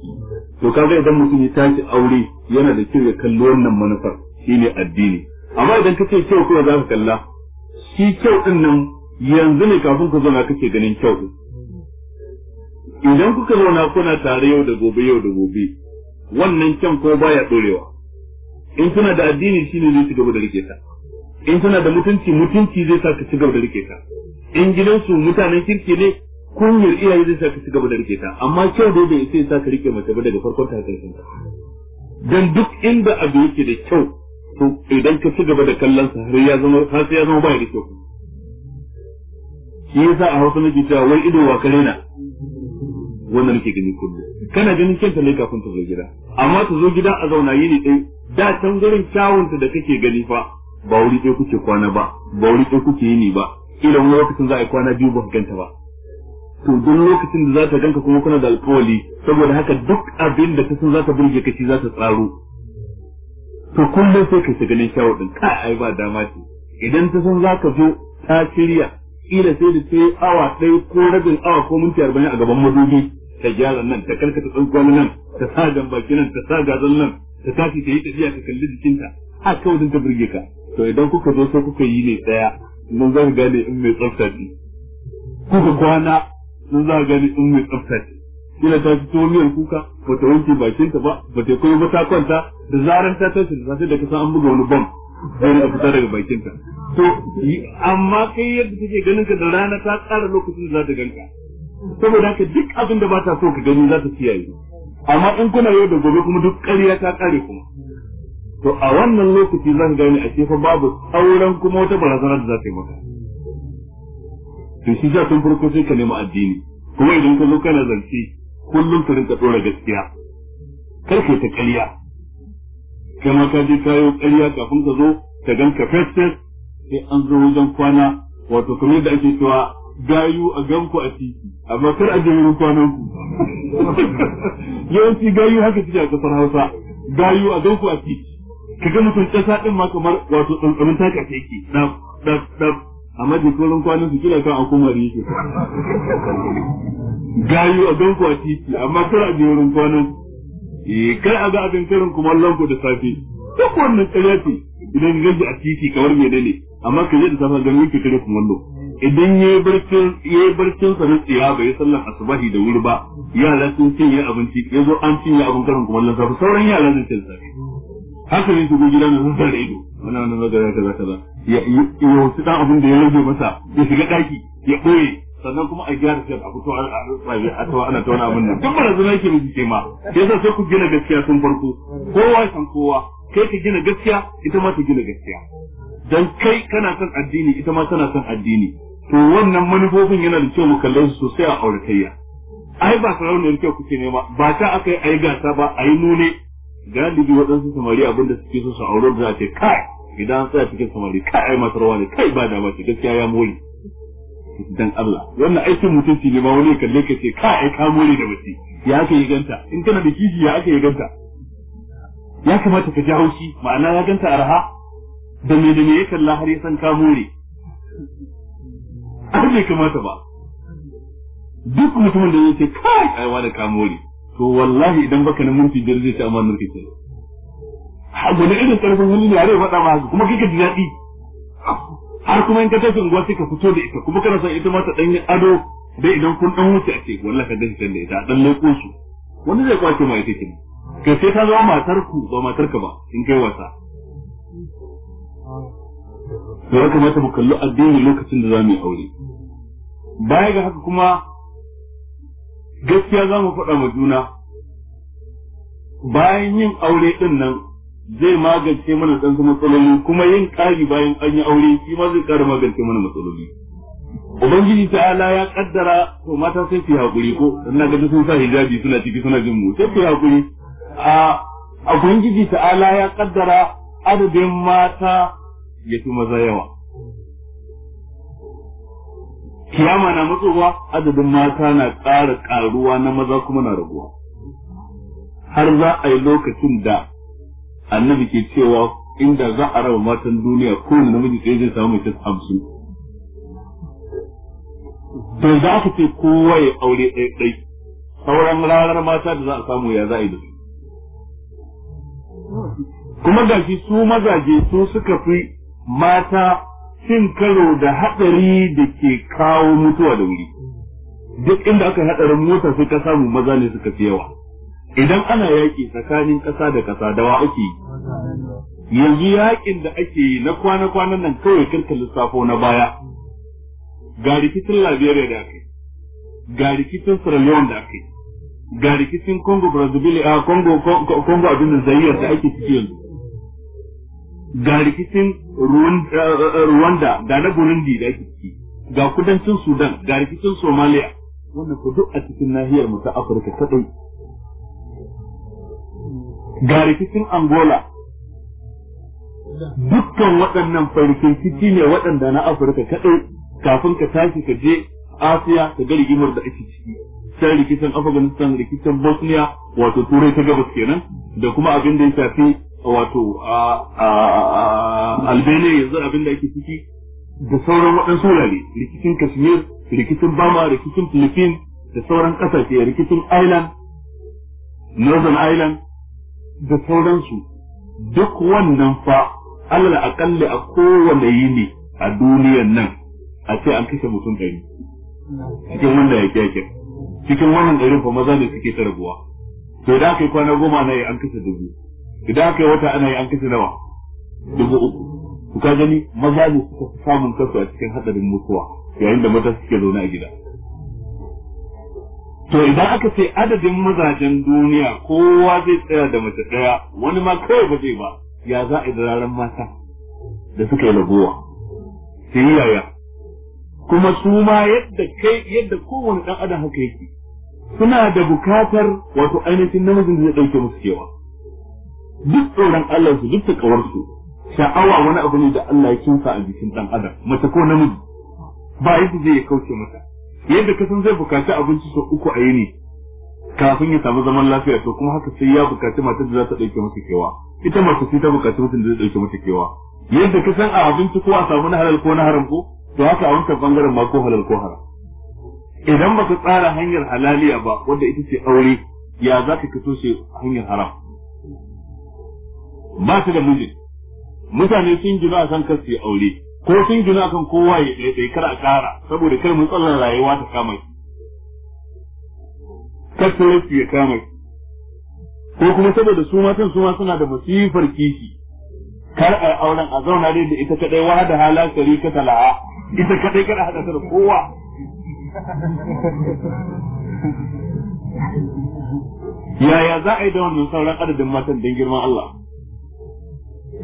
to kaga idan mutum ya tashi aure yana da kyau ya kalli wannan manufar shine addini amma idan kace kyau kuma za ka kalla shi kyau din nan yanzu ne kafin ku zauna kake ganin kyau din idan kuka zauna kuna tare yau da gobe yau da gobe wannan kyan ko baya dorewa in kuna da addini shine zai ci gaba da rike ta in kuna da mutunci mutunci zai sa ka ci gaba da rike ta in gidansu mutanen kirki ne kunyar iyaye zai ka cigaba da rike ta amma kyau dai bai sai saka rike mace ba daga farkon ta karshen ta dan duk inda abu yake da kyau to idan ka cigaba da kallon sa har ya zama har sai ya zama bai da kyau shi yasa a Hausa nake cewa wai ido wa kare na wannan nake gani kullum kana ganin kyanta ne kafin ta zo gida amma ta zo gida a zauna yini dai da can gurin kyawunta da kake gani fa ba wuri ɗaya kuke kwana ba ba wuri ɗaya kuke yini ba kila wani lokacin za a yi kwana biyu ba ka ganta ba to duk lokacin da za ta ganka kuma kuna da alkawali saboda haka duk abin da ta san za ta burge ka shi za ta tsaro to kullum sai ka shiga ganin shawo ɗin ka ai ba dama ce idan ta san za ka zo ta shirya kila sai da ta yi awa ɗaya ko rabin awa ko minti arba'in a gaban madubi ta gyara nan ta karkata tsankon nan ta sa baki nan ta sa gazon nan ta tashi ta yi tafiya ta kalli jikinta a kawai ta burge ka to idan kuka zo sai kuka yi ne ɗaya nan za ka gane in mai tsafta ce kuka kwana nan za ka gane in mai tsafta ce ina ta fito miyar kuka ba ta wanke bakin ta ba ba ta koyi ba ta kwanta da zaran ta tashi da safe da ka san an buga wani bam zai a fita daga bakin ta to amma kai yadda take ganin ka da rana ta tsara lokacin da za ta ganka saboda haka duk abin da ba ta so ka gani za ta kiyaye amma in kuna yau da gobe kuma duk ƙarya ta ƙare kuma to a wannan lokaci zan gane a kifa babu sauran kuma wata barazanar da za ta yi maka to shi ja tun farko sai ka nemi addini kuma idan ka zo kana zance kullum ka rinka dora gaskiya kar ka ta ƙarya kama ka je kayo ƙarya kafin ka zo ka gan ka fesfes sai an zo wajen kwana wato kamar da ake cewa gayu a gan ku a titi amma kar a je wurin kwanan ku yawanci gayu haka suke a kasar Hausa gayu a gan ku a titi kaga mutum kasa din ma kamar wato tsantsamin taka ce yake dab dab dab amma jikorin kwanin su kila kan akumar yake gayu a don a titi amma kar a je wurin kwanan eh, kar a ga abin karin kumallon ku da safe duk wannan ƙarya ce idan ganji a titi kamar mai dane amma ka je da safe ganin yake kare kumallo idan ya yi barcin sa na tsiya bai yi sallar asubahi da wuri ba yara sun cinye abinci ya zo an cinye abin karin kumallon safe sauran yara sun cinye safe haka ne shigo gida mai hunfar da ido wani wani magana kaza kaza ya ya wasu dan abin da ya rage masa ya shiga daki ya ɓoye sannan kuma a gyara shi a fito a tawa ana tauna abin nan duk barazana yake miki ce ma sai sai ku gina gaskiya sun farko kowa san kowa kai ka gina gaskiya ita ma ta gina gaskiya dan kai kana son addini ita ma tana son addini to wannan manufofin yana da kyau mu kalle su sosai a auratayya ai ba sarauniyar kyau kuke nema ba ta aka yi ayi gasa ba ayi nune galibi waɗansu samari abinda suke so su aure da ce kai idan an tsaya cikin samari kai masu rawa ne kai ba da mace gaskiya ya mori dan Allah wannan aikin mutunci ne ma wani kalle ka ce kai ka mori da mace ya aka yi ganta in kana da kishi ya aka yi ganta ya kamata ka ji haushi ma'ana ya ganta arha da me da me ya kalla har ya san ka mori bai kamata ba duk mutumin da ya ce kai ai wani ka mori to wallahi idan baka nan minti biyar zai ci amanar ka Ha wani irin karfin hali ne yare faɗa ba kuma kike ji daɗi har kuma in ka tafi unguwa sai ka fito da ita kuma kana son ita ma ta ɗan yi ado dai idan kun ɗan wuce a ce wallahi ka dace da ita ɗan leƙo su wani zai kwace ma ita kenan ka sai ta zama matar ku ba matar ka ba in kai wasa to ya kamata mu kalli addini lokacin da za mu yi aure baya ga haka kuma gaskiya za mu faɗa ma juna bayan yin aure ɗin nan zai magance mana ɗan su matsaloli kuma yin ƙari bayan an yi aure shi ma zai ƙara magance mana matsaloli ubangiji ala ya kaddara to mata sai su haƙuri ko ina ga sun sa hijabi suna ciki suna jin mu sai su haƙuri a ubangiji ala ya kaddara adadin mata ya fi maza yawa kiyama na matsowa adadin mata na ƙara ƙaruwa na maza kuma na raguwa har za a yi lokacin da annabi ke cewa inda za a raba matan duniya kowane namiji ɗaya zai samu mutum hamsin Da za ka ce kowa ya aure ɗaya ɗai sauran ranar mata da za a samu ya za a yi da su kuma gashi su mazaje su suka fi mata cin karo da haɗari da ke kawo mutuwa da wuri duk inda aka haɗarin mota sai ka samu maza ne suka fi yawa idan ana yaƙi tsakanin ƙasa da ƙasa wa ake yanzu yaƙin da ake yi na kwana-kwanan nan kawai karka lissafo na baya ga rikicin Liberia da aka yi ga rikicin Sierra Leone da aka yi ga rikicin ah, Congo Brazzaville a Congo Congo abin da zayyar da ake ciki yanzu ga rikicin eh, Rwanda ga na Burundi da ake ciki ga kudancin Sudan ga rikicin Somalia wannan ku duk a cikin nahiyar mu ta Afirka kadai ga rikicin Angola dukkan waɗannan farkin ciki ne waɗanda na Afirka kadai kafin ka tashi ka je Asiya ka ga rigimar da ake ciki sai rikicin Afghanistan rikicin Bosnia wato Turai ta gabas kenan da kuma abin da ya shafi wato a albania yanzu abin da ake ciki da sauran waɗansu wurare rikicin kashmir rikicin bama rikicin philippines da sauran ƙasashe rikicin island northern island da sauransu duk wannan fa alal aƙalli a kowane yini a duniyan nan a ce an kashe mutum ɗari cikin wanda ya kyakya cikin wannan ɗarin fa maza ne suke tarbuwa Sai to da aka yi kwana goma na an kashe dubu idan aka yi wata ana yi an kashe nawa dubu uku ku ka gani maza ne suka fi samun kansu a cikin hadarin mutuwa yayin da mata suke zaune a gida to idan aka ce adadin mazajen duniya kowa zai tsaya da mace daya wani ma kawai ba zai ba ya za a yi da mata da suka yi ragowa sai yaya kuma su ma yadda kai yadda kowane ɗan adam haka yake suna da bukatar wato ainihin namijin da zai ɗauke musu kewa duk tsoron Allah su duk takawar sha'awa wani abu ne da Allah ya kinsa a jikin dan adam mace ko namiji ba yadda zai kauce mata yadda kasan zai bukaci abinci sau uku a yini kafin ya samu zaman lafiya to kuma haka sai ya bukaci matar da za ta ɗauke mata kewa ita mace sai ta bukaci mutum da zai ɗauke mata kewa yadda ka san a abinci ko a samu na halal ko na haram ko to haka a wancan bangaren ma ko halal ko haram idan baka tsara hanyar halaliya ba wadda ita ce aure ya za ka kaso shi hanyar haram ba su da miji mutane sun gina a kan kasu aure ko sun gina a kan kowa ya ɗaiɗai kar a ƙara saboda kar matsalar rayuwa ta kama shi kar talauci ya kama shi ko kuma saboda su matan su ma suna da masifar kishi kar a auren a zauna dai da ita kaɗai, wa da hala kari ka tala'a ita kar a haɗa ta da kowa yaya za a yi da wannan sauran adadin matan don girman Allah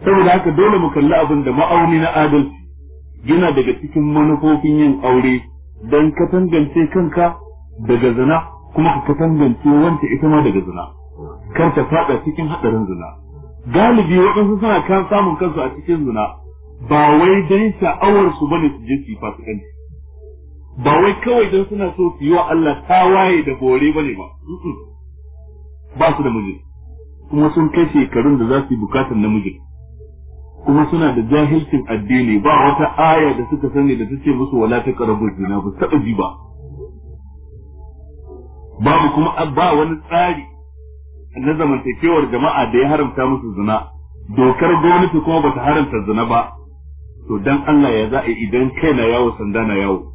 saboda haka dole mu kalli abin da ma'auni na adalci yana daga cikin manufofin yin aure don ka tangance kanka daga zina kuma ka tangance wanta ita ma daga zina kar ta fada cikin hadarin zina galibi waɗansu suna kan samun kansu a cikin zina ba wai dan sha'awar su bane su je su yi fasikanci ba wai kawai dan suna so su yi wa Allah tawaye da bore bane ba ba su da miji kuma sun kai shekarun da za su yi bukatar namijin kuma suna da jahilcin addini ba wata aya da suka sani da suke musu wala ta karabu zina ba taɓa ji ba babu kuma ba wani tsari na zamantakewar jama'a da ya haramta musu zina dokar gwamnati kuma bata haramta zina ba to dan Allah ya za'a idan kai na yawo sanda na yawo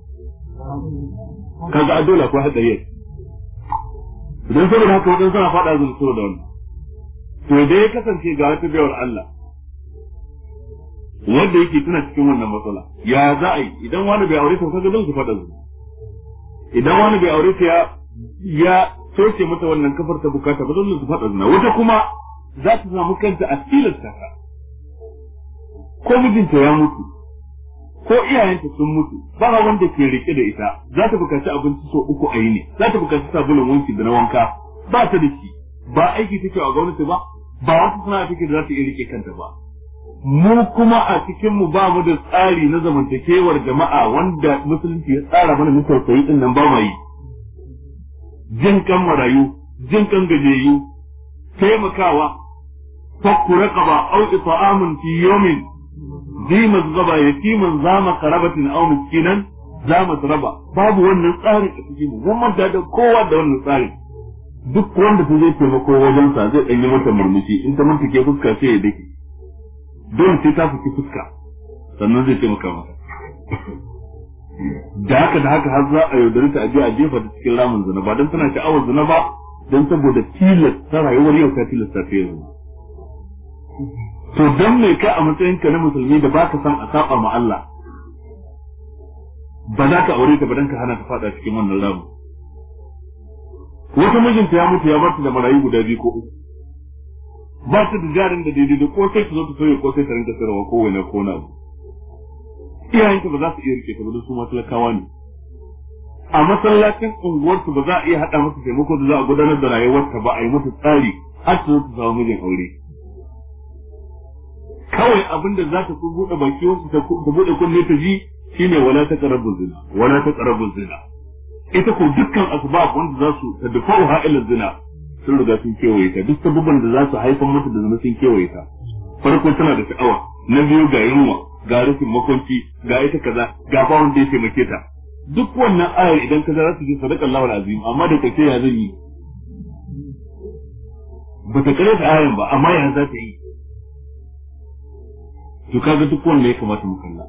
kaga dole hada yayi idan saboda haka wadansu suna fada zuwa da wannan to dai ya kasance ga wata bayar Allah wanda yake tana cikin wannan matsala ya za a yi idan wani bai aure ta kaga zan su fada zuwa idan wani bai aure ta ya ya soke mata wannan kafar ta bukata ba zan su fada zuwa wata kuma za ta samu kanta a filin ka ko mijinta ya mutu ko iyayenta sun mutu ba wanda ke rike da ita za ta bukaci abinci so uku a yi ne za ta bukaci sabulun wanki da na wanka ba ta da shi ba aiki take a gwamnati ba ba wata sana'a take da za ta iya rike kanta ba mu kuma a cikin mu ba mu da tsari na zamantakewar jama'a wanda musulunci ya tsara mana mu tausayi din nan ba mai jin kan marayu jin kan gajeyu taimakawa fakku raqaba aw ita'amun fi yawmin ذي مزغبة يتيما ذا مقربة أو مسكينا ذا متربة باب وان نصاري أتجيني زمان da kowa da wannan tsari. duk wanda ta zai taimako wajensa zai ɗanyi mata murmushi in ta mantake fuska sai ya dake dole sai ta fuki fuska sannan zai taimaka maka da haka da haka har za a yaudari ta aje a jefa ta cikin ramin zina ba don tana sha'awar zina ba don saboda tilasta rayuwar yau ta tilasta ta yanzu to don mai ka a matsayin ka na musulmi da baka san a saba ma Allah ba za ka aure ta ba don ka hana ta fada cikin wannan ramin wata mijinta ya mutu ya bar ta da marayu guda biyu ko uku ba su da jarin da daidai da kosai su zo ta soya kosai ta rinka ko wani ko na abu iyayenka ba za su iya rike ka ba don su ma talakawa ne a masallacin unguwarsu ba za a iya haɗa musu taimako da za a gudanar da rayuwarta ba a yi musu tsari har su su samu mijin aure kawai abin da za ta ku buɗe baki wasu ta buɗe kunne ta ji ne wala ta qarabu zina wala ta qarabu zina ita ko dukkan asbab wanda za su ta dafa'u ha'il zina sun riga sun kewaye ta duk sabubban da za su haifar mata da zama sun kewaye ta farko tana da sha'awa na biyu ga yunwa ga rashin makonci ga ita kaza ga ba da ya taimake ta duk wannan ayar idan ka za su ji sadaka lawar azim amma da kake ya zan yi ba ta kare ta ayar ba amma ya za ta yi to kaga duk wannan ya kamata mu kalla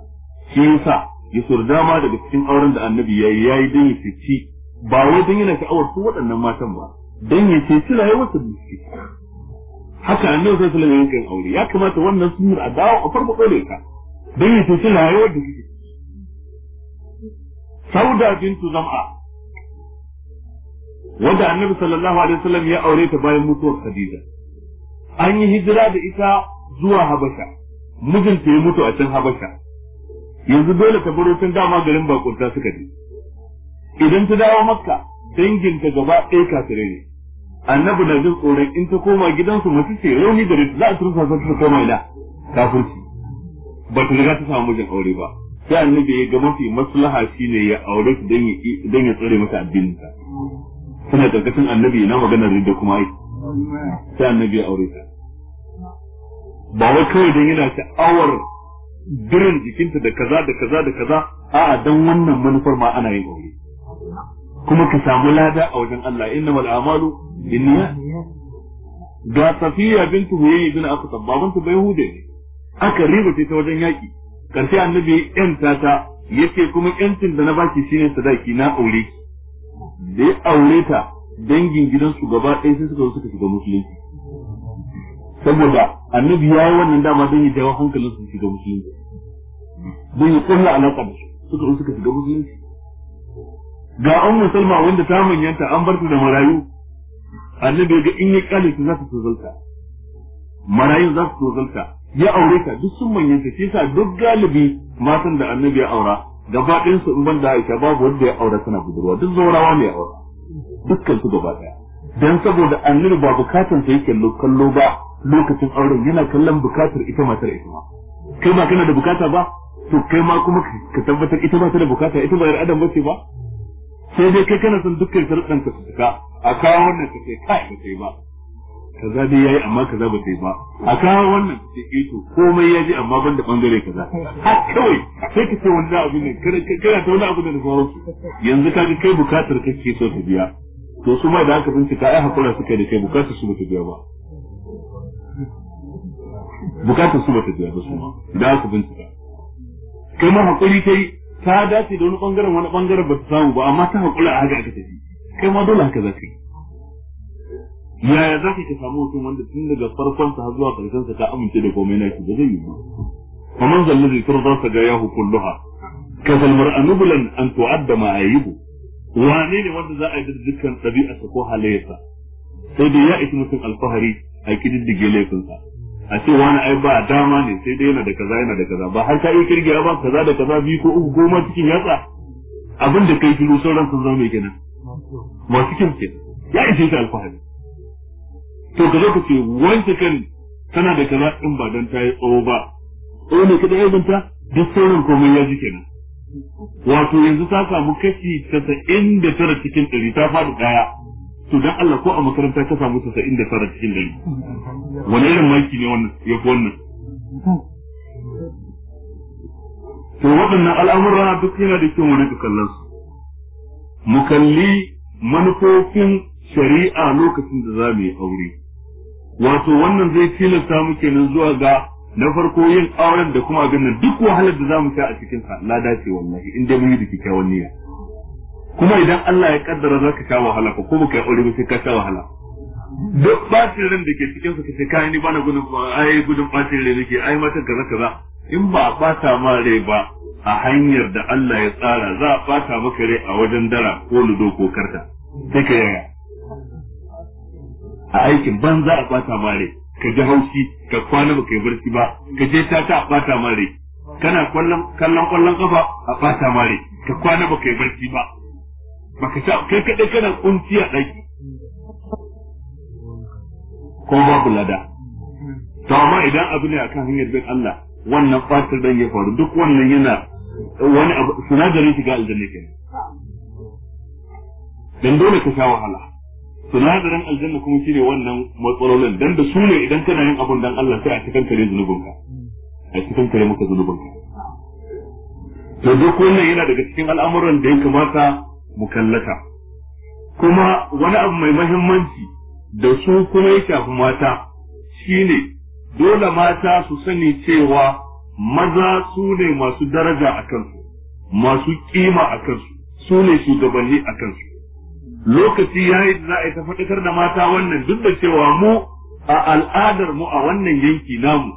shi yasa ya dama daga cikin auren da annabi yayi yayi dan ya ci ba wai dan yana sha'awar su waɗannan matan ba dan ya ce shi rayuwarsa da shi haka annabi sallallahu alaihi wasallam yankin aure ya kamata wannan sunnar a dawo a farko dole ka dan ya ce shi rayuwar da kike sauda bintu zam'a wanda annabi sallallahu alaihi wasallam ya aure ta bayan mutuwar khadija an yi hijira da ita zuwa habasha mijinta ya mutu a can habasha yanzu dole ta baro tun dama garin bakunta suka je idan ta dawo makka danginta gaba ɗaya kafirai ne annabi na jin tsoron in ta koma gidansu mace ce rauni da za a turfa sa ta koma ila kafirci ba ta riga ta samu mijin aure ba sai annabi ya ga mafi maslaha shine ya aure su dan ya tsare masa addininsa suna karkashin annabi na maganar da kuma ai sai annabi ya aure ta ba wai kawai dan yana sha'awar birin jikinta da kaza da kaza da kaza a'a dan wannan manufar ma ana yin aure kuma ka samu lada a wajen Allah innamal a'malu inniya ga safiya bintu huyayyi bin akhtab baban ta bai hude ne aka ribace ta wajen yaki karshe annabi ya yanta kuma yancin da na baki shine sadaki na aure ki aure ta dangin gidansu gaba ɗaya sai suka zo suka shiga musulunci saboda annabi ya yi wannan dama don ya jawo hankalin su shiga musulunci don ya kulla alaƙa da su suka zo suka shiga musulunci ga ummu salma wanda ta manyanta an bar ta da marayu annabi ga in ya kalli su za su tozalta marayun za su tozalta ya aure ka duk sun manyan ka sa duk galibi matan da annabi ya aura gaba ɗin su in ban da Aisha babu wanda ya aura tana budurwa duk zaurawa ne ya aura dukkan su gaba ɗaya dan saboda annabi ba bukatan sa yake kallo ba lokacin auren yana kallon bukatar ita matar ita ma kai ba kana da bukata ba to kai ma kuma ka tabbatar ita ba ta da bukata ita ba yar adam bace ba sai dai kai kana son dukkan sarɗan ka cika a kawo wannan ka sai kai ba sai ba kaza dai yayi amma kaza ba sai ba a kawo wannan ka ce ito eh komai ya ji amma banda bangare kaza har kawai sai ka ce wannan abu ne kana ta wani abu da sauran yanzu ka ga kai bukatar kake so ta biya to su ma da aka bincika ai hakura suka da kai bukatar su ba ta biya ba bukatar su ba ta biya ba su ma da aka bincika kai ma hakuri kai ta dace da wani bangaren wani bangaren ba ta samu ba amma ta haƙura a haka aka tafi kai ma dole haka za ka yi yaya za ka ka samu mutum wanda tun daga farkon sa har zuwa karshen sa ka amince da komai naki ba zai yi ba fa man zalla zai turda sa ga yahu kulluha ka zal mar'anu bulan an tu'adda ma ayibu wane ne wanda za a yi dukkan ɗabi'arsa ko halayyarsa sai dai ya isi mutum alfahari a kididdige laifinsa a ce wani ai ba dama ne sai dai yana da kaza yana da kaza ba har ka iya kirge ba kaza da kaza biyu ko uku goma cikin yatsa abin da kai shiru sauran sun zama mai gina masu kyan ke ya ishe ta alfahari to ka zo ka ce wanke kan tana da kaza in ba dan ta yi tsawo ba ko ne da ya ta duk sauran komai ya ji kenan wato yanzu ta samu kashi 99 tara cikin ɗari ta faɗi ɗaya to dan Allah ko a makaranta ka samu 99 cikin dari wani irin maki ne wannan ya fi wannan to waɗannan al'amura duk yana da kyau wani kallon su mu kalli manufofin shari'a lokacin da za mu yi aure wato wannan zai tilasta mu kenan zuwa ga na farko yin auren da kuma abin nan duk wahalar da za mu sha a cikin sa lada ce wallahi in dai mun yi da kyakkyawan niyya kuma idan Allah ya kaddara ka sha wahala ko kuma kai aure ba sai ka sha wahala duk bacin ran da ke cikin su kace kai ni bana gudun ai gudun bacin rai nake ai mata ka za. in ba bata ma rai ba a hanyar da Allah ya tsara za a bata maka rai a wajen dara ko ludo ko karta sai ka yaya a aikin ban za a bata ma rai ka ji haushi ka kwana baka yi barci ba ka je ta ta a bata ma rai kana kallon kallon kafa a bata ma rai ka kwana baka yi barci ba baka sha kai kadai kana kunci a daki ko babu lada to amma idan abu ne akan hanyar bin Allah wannan fatar dan ya faru duk wannan yana wani abu sunadarin shiga aljanna kenan dan dole ka sha wahala sunadarin aljanna kuma shine wannan matsalolin dan da su ne idan kana yin abun dan Allah sai a cikin kare zunubinka a cikin kare maka zunubinka to duk wannan yana daga cikin al'amuran da ya kamata mukallata kuma wani abu mai mahimmanci da su kuma ya shafi mata shine dole mata su sani cewa maza su ne masu daraja a kansu masu kima a kansu su ne shugabanni a kansu lokaci ya yi za a yi ta faɗakar da mata wannan duk da cewa mu a al'adar mu a wannan yanki namu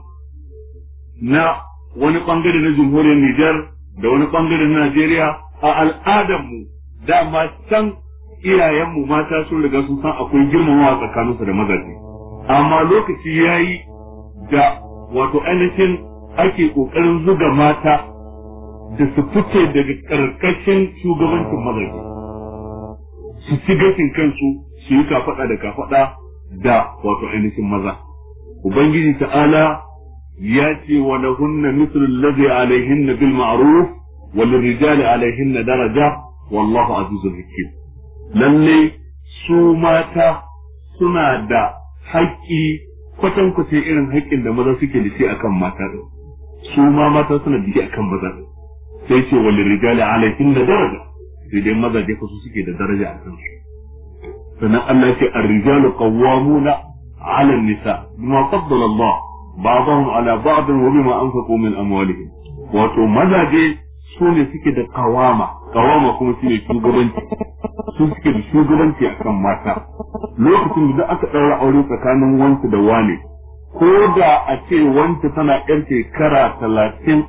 na wani ɓangare na jamhuriyar Nijar da wani ɓangare na Najeriya a al'adar mu dama can iyayenmu mata sun riga sun san akwai girmamawa tsakaninsu da mazaje amma lokaci ya yi da wato ainihin ake ƙoƙarin zuga mata da su fice daga ƙarƙashin shugabancin mazaje su ci gashin kansu su yi kafaɗa da kafaɗa da wato ainihin maza ubangiji ta'ala ya ce wa lahunna mithlu allazi alaihinna bil ma'ruf wal rijali alaihinna daraja wallahu azizul hakim lalle su mata suna da haƙƙi kwatan-kwatan irin haƙƙin da maza suke da shi akan mata su ma mata suna da shi akan maza sai ce wal rijali alaihin da daraja sai dai mazaje ku su suke da daraja a kan su sannan Allah ce ar-rijalu qawwamuna 'ala an-nisa bima faddala Allah ba'dahum 'ala ba'd wa bima anfaqu min amwalihim wato mazaje su ne suke da kawama kawama kuma su ne shugabanci su suke da shugabanci kan mata lokacin da aka ɗaura aure tsakanin wanta da wane ko da a ce wanta tana yar shekara talatin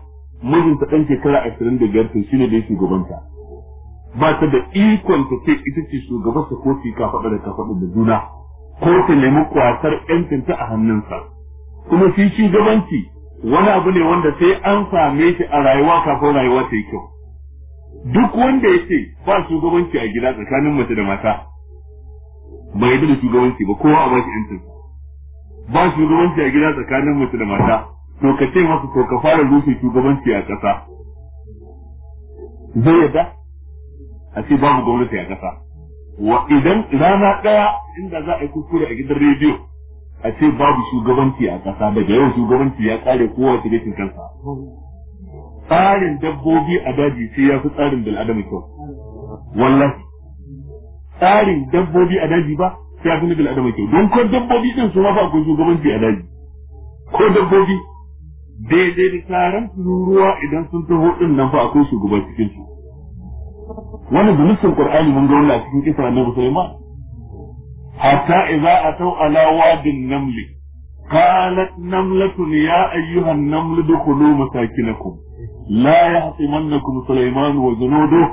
mijinta ɗan shekara ashirin da biyar to shine dai shugabanta ba ta da ikon ta ce ita ce shugabarsa ko ta kafaɗa da kafaɗa da juna ko ta nemi kwasar ƴancinta a hannunsa kuma shi shugabanci wani abu ne wanda sai an same shi a rayuwa kafin rayuwa ta yi kyau duk wanda ya ce ba shugabanci a gida tsakanin mace da mata bai yi da shugabanci ba kowa a bashi yancin ba shugabanci a gida tsakanin mace da mata to ka ce masa to ka fara rufe shugabanci a ƙasa zai yadda a ce babu gwamnati a ƙasa wa idan rana ɗaya inda za a yi kuskure a gidan rediyo a ce babu shugabanci a ƙasa daga yau shugabanci ya ƙare kowa su rikin kansa tsarin dabbobi a daji sai ya fi tsarin bil'adama kyau wallahi tsarin dabbobi a daji ba sai ya fi nufin bil'adama kyau don ko dabbobi din su ma ba akwai shugabanci a daji ko dabbobi daidai da taron ruwa idan sun taho din nan fa akwai shugaban cikin su wannan da nufin qur'ani mun ga wannan a cikin kisa annabi Sulaiman hatta idza a ala wadin namli qalat namlatun ya ayyuha an-naml dukhulu masakinakum la yahtimannakum sulayman wa junuduhu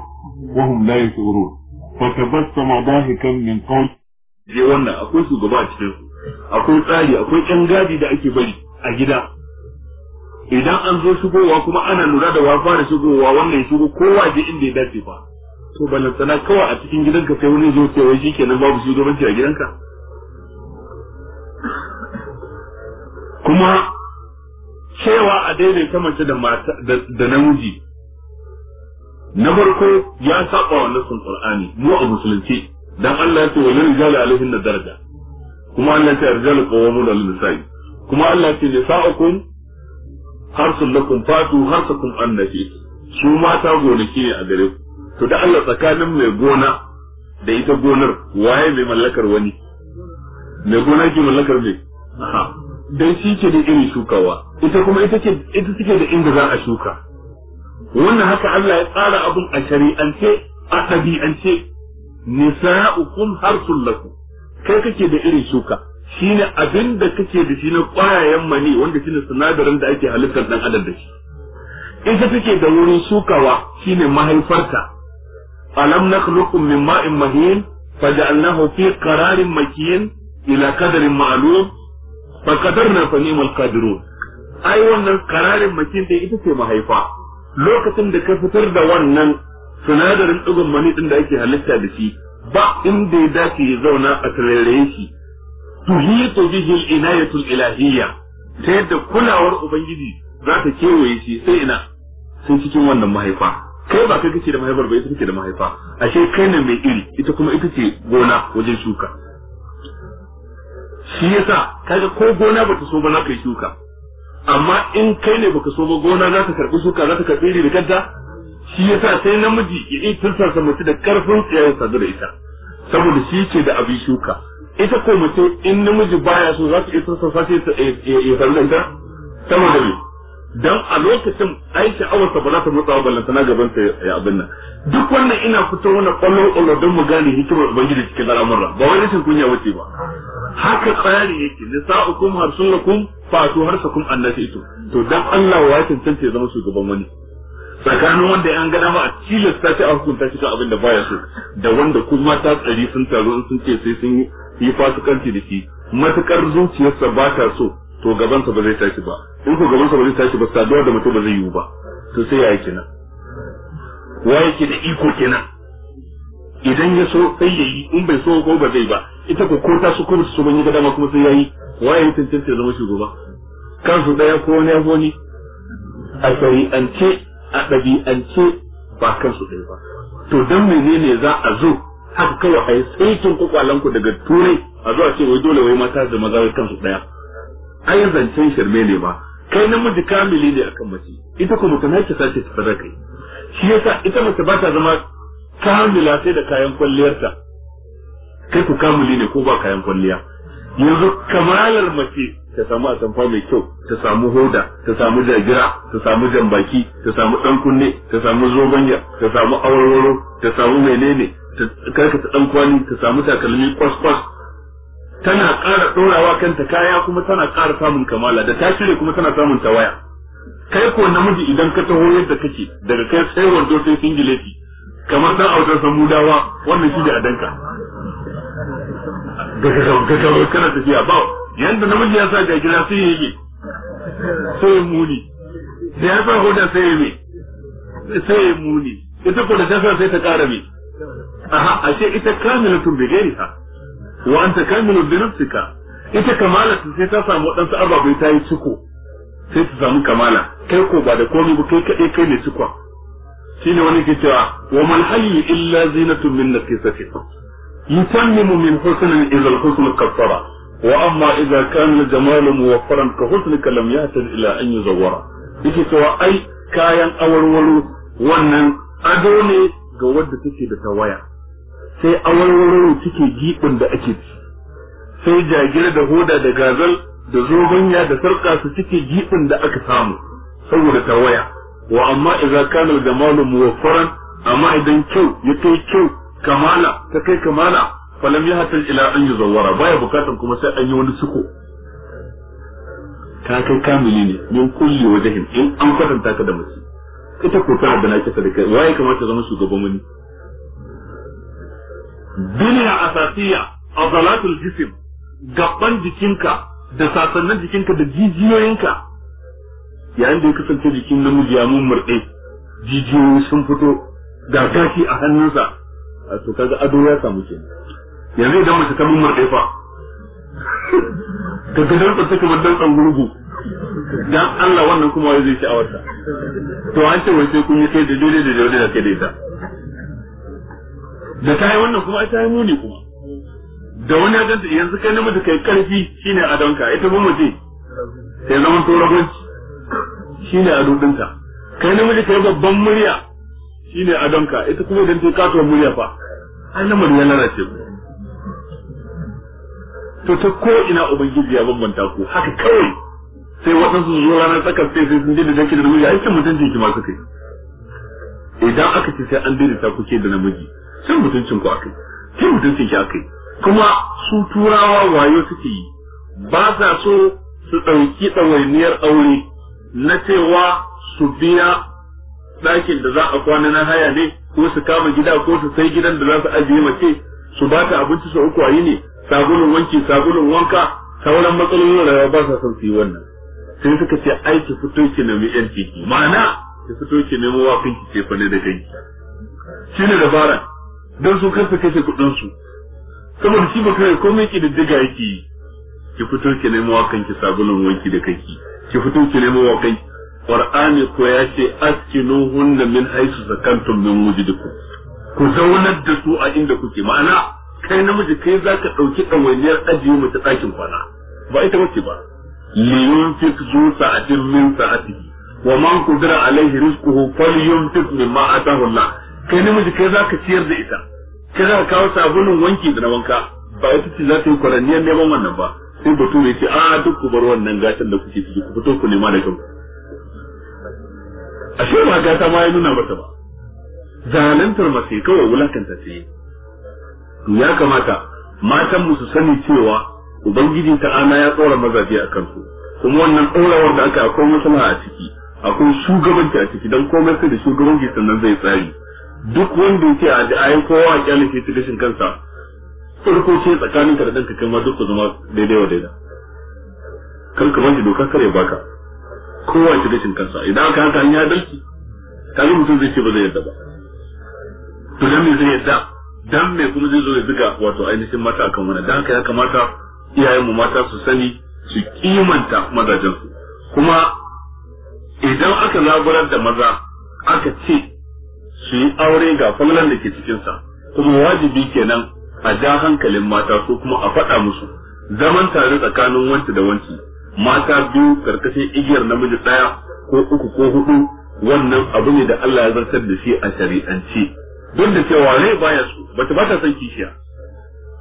wa hum la yashurun fatabassama dahikan min qawl je wannan akwai shugaba a cikin akwai tsari akwai 'yan gadi da ake bari a gida idan an zo shigowa kuma ana lura da wa da shigowa wannan shigo kowa je inda ya dace ba to balantana kawai a cikin gidanka sai wani zo ce wai shikenan babu shugabanci a gidanka kuma cewa a daidaita mace da mata da namiji na farko ya saba wa nassin qur'ani mu a musulunci dan Allah ya ce wa lil rijali alaihin daraja kuma Allah ya ce rijalu qawwamuna lil nisa'i kuma Allah ya ce nisa'ukum harsul lakum fatu harsakum annati su mata gonaki ne a gare ku to da Allah tsakanin mai gona da ita gonar waye mai mallakar wani mai gona ke mallakar mai dan shi ke da irin shukawa ita kuma ita ce ita take da inda za a shuka wannan haka Allah ya tsara abun a shari'ance a ɗabi'ance nisa'ukum harsul lakum kai kake da irin shuka shine abin da kake da shi na ƙwayayen mani wanda shine sinadarin da ake halittar dan adam da shi ita take da wurin shukawa shine mahaifarka alam nakhluqukum min ma'in mahin faja'alnahu fi qararin makin ila qadarin ma'lum fa qadarna fa ni'mal qadirun ai wannan qararin makin dai ita ce mahaifa lokacin da ka fitar da wannan sinadarin ɗigon mani ɗin da ake halitta da shi ba inda ya dace ya zauna a tarairaye shi tuhitu bihi al-inayatul ilahiyya ta yadda kulawar ubangiji za ta kewaye shi sai ina sai cikin wannan mahaifa kai ba kai kake da mahaifar ba ita kake da mahaifa ashe kai ne mai iri ita kuma ita ce gona wajen shuka shi yasa kaga ko gona ba ta so ba na kai shuka amma in kai ne baka so ba gona za ta karbi shuka za ta karbi iri da kanta shi yasa sai namiji ya yi sa mutu da karfin tsayar sadu da ita saboda shi ce da abin shuka ita ko mace in namiji baya so za ta iya tursarsa sai ya yi da ita saboda me dan a lokacin aiki awarsa ba za ta mutsawa ballanta na gaban ta ya abin nan duk wannan ina fito wani kwallo kwallo don mu gane hikimar ubangiji cikin al'amuran ba wani rashin kunya wace ba haka tsari yake nisa'ukum kum fatu kum annati ito to dan Allah wa ya tantance zama shugaban wani tsakanin wanda ya gana ba a tilasta ta a hukunta shi abin da baya so da wanda kuma ta tsari sun taru sun ce sai sun yi fasikanci da shi matukar zuciyarsa ba ta so to gabansa ba zai tashi ba in ko gabansa ba zai tashi ba saduwa da mutum ba zai yiwu ba to sai ya yi kenan wa yake da iko kenan idan ya so sai ya yi in bai so ko ba zai ba ita ko kota ta su kuma su ban yi dama kuma sai ya yi wa ya tantance da zama shugaba kansu daya ko wani yabo ne a shari'ance a ɗabi'ance ba kansu ɗaya ba to dan menene za a zo haka kawai a yi tsaitin kwakwalanku daga turai a zuwa ce wai dole wai mata da maza kansu ɗaya ai zancen shirme ne ba kai namiji kamili ne akan mace ita kuma ta nake sace ta fara kai shi yasa ita mace ba ta zama kamila sai da kayan kwalliyarta kai ku kamili ne ko ba kayan kwalliya yanzu kamalar mace ta samu atamfa mai kyau ta samu hoda ta samu jagira ta samu jambaki ta samu dan kunne ta samu zobanya ta samu awarwaro ta samu menene ta karkata dan kwani ta samu takalmi kwas kwas tana ƙara ɗorawa kanta kaya kuma tana ƙara samun kamala da ta shirya kuma tana samun tawaya kai ko namiji idan ka taho yadda kake daga kai sai wando sai singileti kamar dan autar mudawa wannan shi da adanka gaggawa kana tafiya ba yanda namiji ya sa jagira sai ya yi sai muni da ya sa hoda sai ya yi sai muni ita ko da ta sa sai ta ƙara mai aha ashe ita kamilatun bi ha. wa anta kamilu bi nafsika ita kamala sai ta samu wadansu ababai ta yi ciko sai ta samu kamala kai ko ba da komai ba kai kadai kai ne cikon shine wani ke cewa wa man hayyu illa zinatu min nafsati yutammimu min husnin idza al-husn kaffara wa amma idza kana jamalu muwaffaran ka husnika lam yahtad ila an yuzawwara yake cewa ai kayan awarwaro wannan ado ne ga wadda take da tawaya sai awarwaro cike giɓin da ake ci sai jagira da hoda da gazal da zoganya da sarka su cike giɓin da aka samu saboda tawaya wa amma idza kana al-jamalu muwaffaran amma idan kyau ya kai kyau kamala ta kai kamala falam yahtal ila an yuzawwara baya bukatan kuma sai an yi wani suko ta kai kamili ne min kulli wajhin in an kwatanta ka da mace ita ko tana da kisa da kai waye kamata zama shugaban wani duniya asasiya zalatul jisim gaban jikinka da sasannin jikinka da jijiyoyinka yayin da ya kasance jikin namiji ya murɗe jijiyoyi sun fito ga gashi a hannunsa a to kaga ado ya samu ke yanzu idan mace ta murɗe fa ka ga dan ta kamar dan tsangurgu dan Allah wannan kuma wai zai wata to an ce wai sai kun yi kai da dole da dole da kai da ita da ta yi wannan kuma ta yi muni kuma da wani ya ganta yanzu kai namiji kai karfi shine adonka ita ba mace sai zaman to ne shine dudunta kai namiji kai babban murya shine adonka ita kuma idan ta kato murya fa ai lamarin ya lalace ku to ta ko ina ubangiji ya bambanta ku haka kawai sai waɗansu su zo ranar tsakar sai sai sun je da dake da namiji aikin mutunci ki ma suka yi idan aka ce sai an daidaita kuke da namiji cin mutuncin ku yi cin mutuncin shi yi kuma su turawa wayo suke yi ba sa so su ɗauki ɗawainiyar aure na cewa su biya ɗakin da za a kwana na haya ne ko su kama gida ko su sai gidan da za su ajiye mace su ba ta abinci su uku yi ne sabulun wanki sabulun wanka sauran matsalolin rayuwa ba sa son su yi wannan sai suka ce aiki ki fito ki nemi yan ciki ma'ana ki fito ki nemo wa kanki ce fa ne da kanki shine dabara don su kansu kashe kuɗin saboda shi baka kai komai ki diddiga yake yi ki fito ki nemo wa kanki sabulun wanki da kanki ki fito ki nemo wa kanki qur'ani ko ya ce askinuhunna min haythu sakantum min wujudikum ku zaunar da su a inda kuke ma'ana kai namiji kai zaka dauki ɗawainiyar ajiye mace ɗakin kwana ba ita wace ba liyunfik zu sa'atin min sa'atihi wa man qudira alaihi rizquhu falyunfik mimma ataahu Allah kai namiji kai za ka ciyar da ita kai za ka kawo sabulun wanki da na wanka ba ita ce za ta yi kwaranniyar neman wannan ba sai bature ya ce a ah, duk ku bar wannan gatan da kuke ciki ku fito ku nema da kanku ashe ba gata ma ya nuna mata ba zalantar mace kawai wulakanta ce ya kamata matan mu su sani cewa ubangiji ta ana ya tsora mazaje a kansu kuma wannan tsorawar da aka akwai masana a ciki akwai shugabanci a ciki don komai sai da shugabanci sannan zai tsari duk wanda yake a da ayin kowa a kyale shi gashin kansa farko ce tsakaninka da ɗanka kai ma duk ku zama daidai wa daidai kan kamar da doka kare baka kowa a gashin kansa idan aka haka ya yi adalci mutum zai ce ba zai yadda ba to dan me zai yadda dan me kuma zai zo ya zuga wato ainihin mata akan wani dan haka ya kamata iyayenmu mata su sani su kimanta mazajensu kuma idan aka labarar da maza aka ce su yi aure ga falalan da ke cikinsa kuma wajibi kenan a ja hankalin mata su kuma a faɗa musu zaman tare tsakanin wanci da wanci mata biyu karkashin igiyar namiji ɗaya ko uku ko hudu wannan abu ne da Allah ya zartar da shi a shari'ance duk da cewa ne baya su bata ba ta son kishiya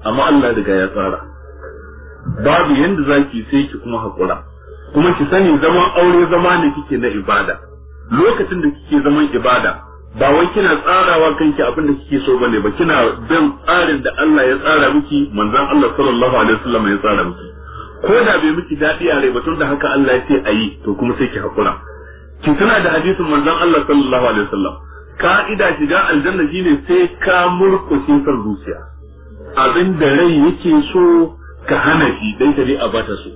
amma Allah daga ya tsara babu yanda zaki sai ki kuma hakura kuma ki sani zaman aure zama ne kike na ibada lokacin da kike zaman ibada ba wai kina tsarawa kanki abin da kike so bane ba kina bin tsarin da Allah ya tsara miki manzon Allah sallallahu alaihi wasallam ya tsara miki ko da bai miki dadi a rai ba tun da haka Allah ya ce ayi to kuma sai ki hakura ki tuna da hadisin manzon Allah sallallahu alaihi wasallam ka'ida shiga aljanna shine sai ka murkushe san zuciya abin da rai yake so ka hana shi dai ta dai a bata so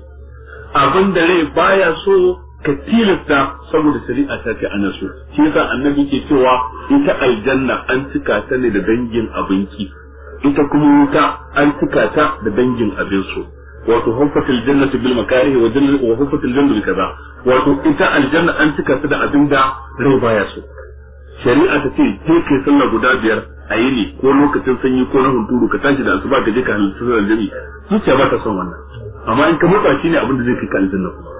abin da rai baya so ka tilasta saboda shari'a ta ce ana so shi yasa annabi ke cewa ita aljanna an cika ta ne da dangin abinci ita kuma wuta an cika ta da dangin abin so wato huffatul jannatu bil makarih wa jannatu wa huffatul jannatu bil kaza wato ita aljanna an cika ta da abin da rai baya so shari'a ta ce ke kai sallah guda biyar a yi ne ko lokacin sanyi ko na hunturu ka tashi da asuba ka je ka halarci sallar jami'i zuciya ba ta son wannan amma in ka shi ne abin da zai fi ka aljanna kuma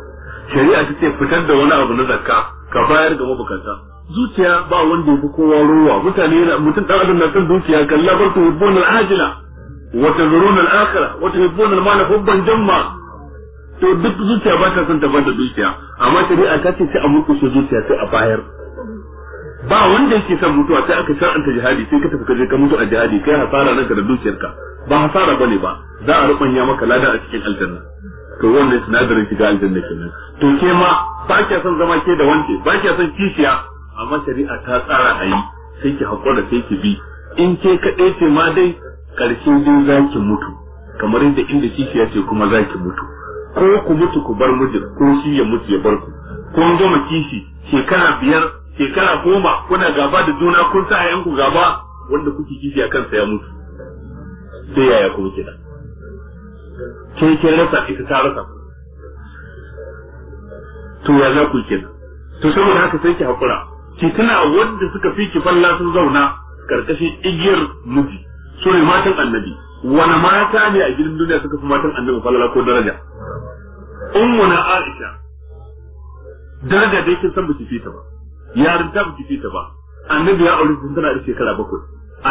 shari'a ta ce fitar da wani abu na zakka ka bayar ga mabukata zuciya ba wanda yafi kowa ruwa mutane yana mutum dan adam na son zuciya kalla bar tu yubbun al-ajila wa tazurun al-akhirah wa tuhibbun al-mala hubban jamma to duk zuciya ba ta son ta bada zuciya amma shari'a ta ce sai a murkushe zuciya sai a bayar ba wanda yake son mutuwa sai aka shar'anta jihadi sai ka tafi ka je ka mutu a jihadi kai hasara nan da dukiyarka ba hasara bane ba za a rubanya maka lada a cikin aljanna to wannan sinadarin shiga aljanna kenan to ke ma ba kya son zama ke da wance ba kya son kishiya amma shari'a ta tsara a yi sai ki hakura sai ki bi in ke kaɗe ce ma dai ƙarshen dai za ki mutu kamar yadda inda kishiya ce kuma za ki mutu ko ku mutu ku bar mijin ko shi ya mutu ya bar ku kun gama kishi shekara biyar shekara goma kuna gaba da juna kun sa ku gaba wanda kuke kishi a kansa ya mutu sai yaya kuma kenan kai kin rasa ita ta rasa to ya za ku kenan to saboda haka sai ki hakura ki tuna wanda suka fi ki falla sun zauna karkashin igiyar miji su ne matan annabi wani mata ne a gidan duniya suka fi matan annabi falla ko daraja na aisha daraja dai kin san ba ki fita ba yarinta ba ki fita ba annabi ya aure sun tana da shekara bakwai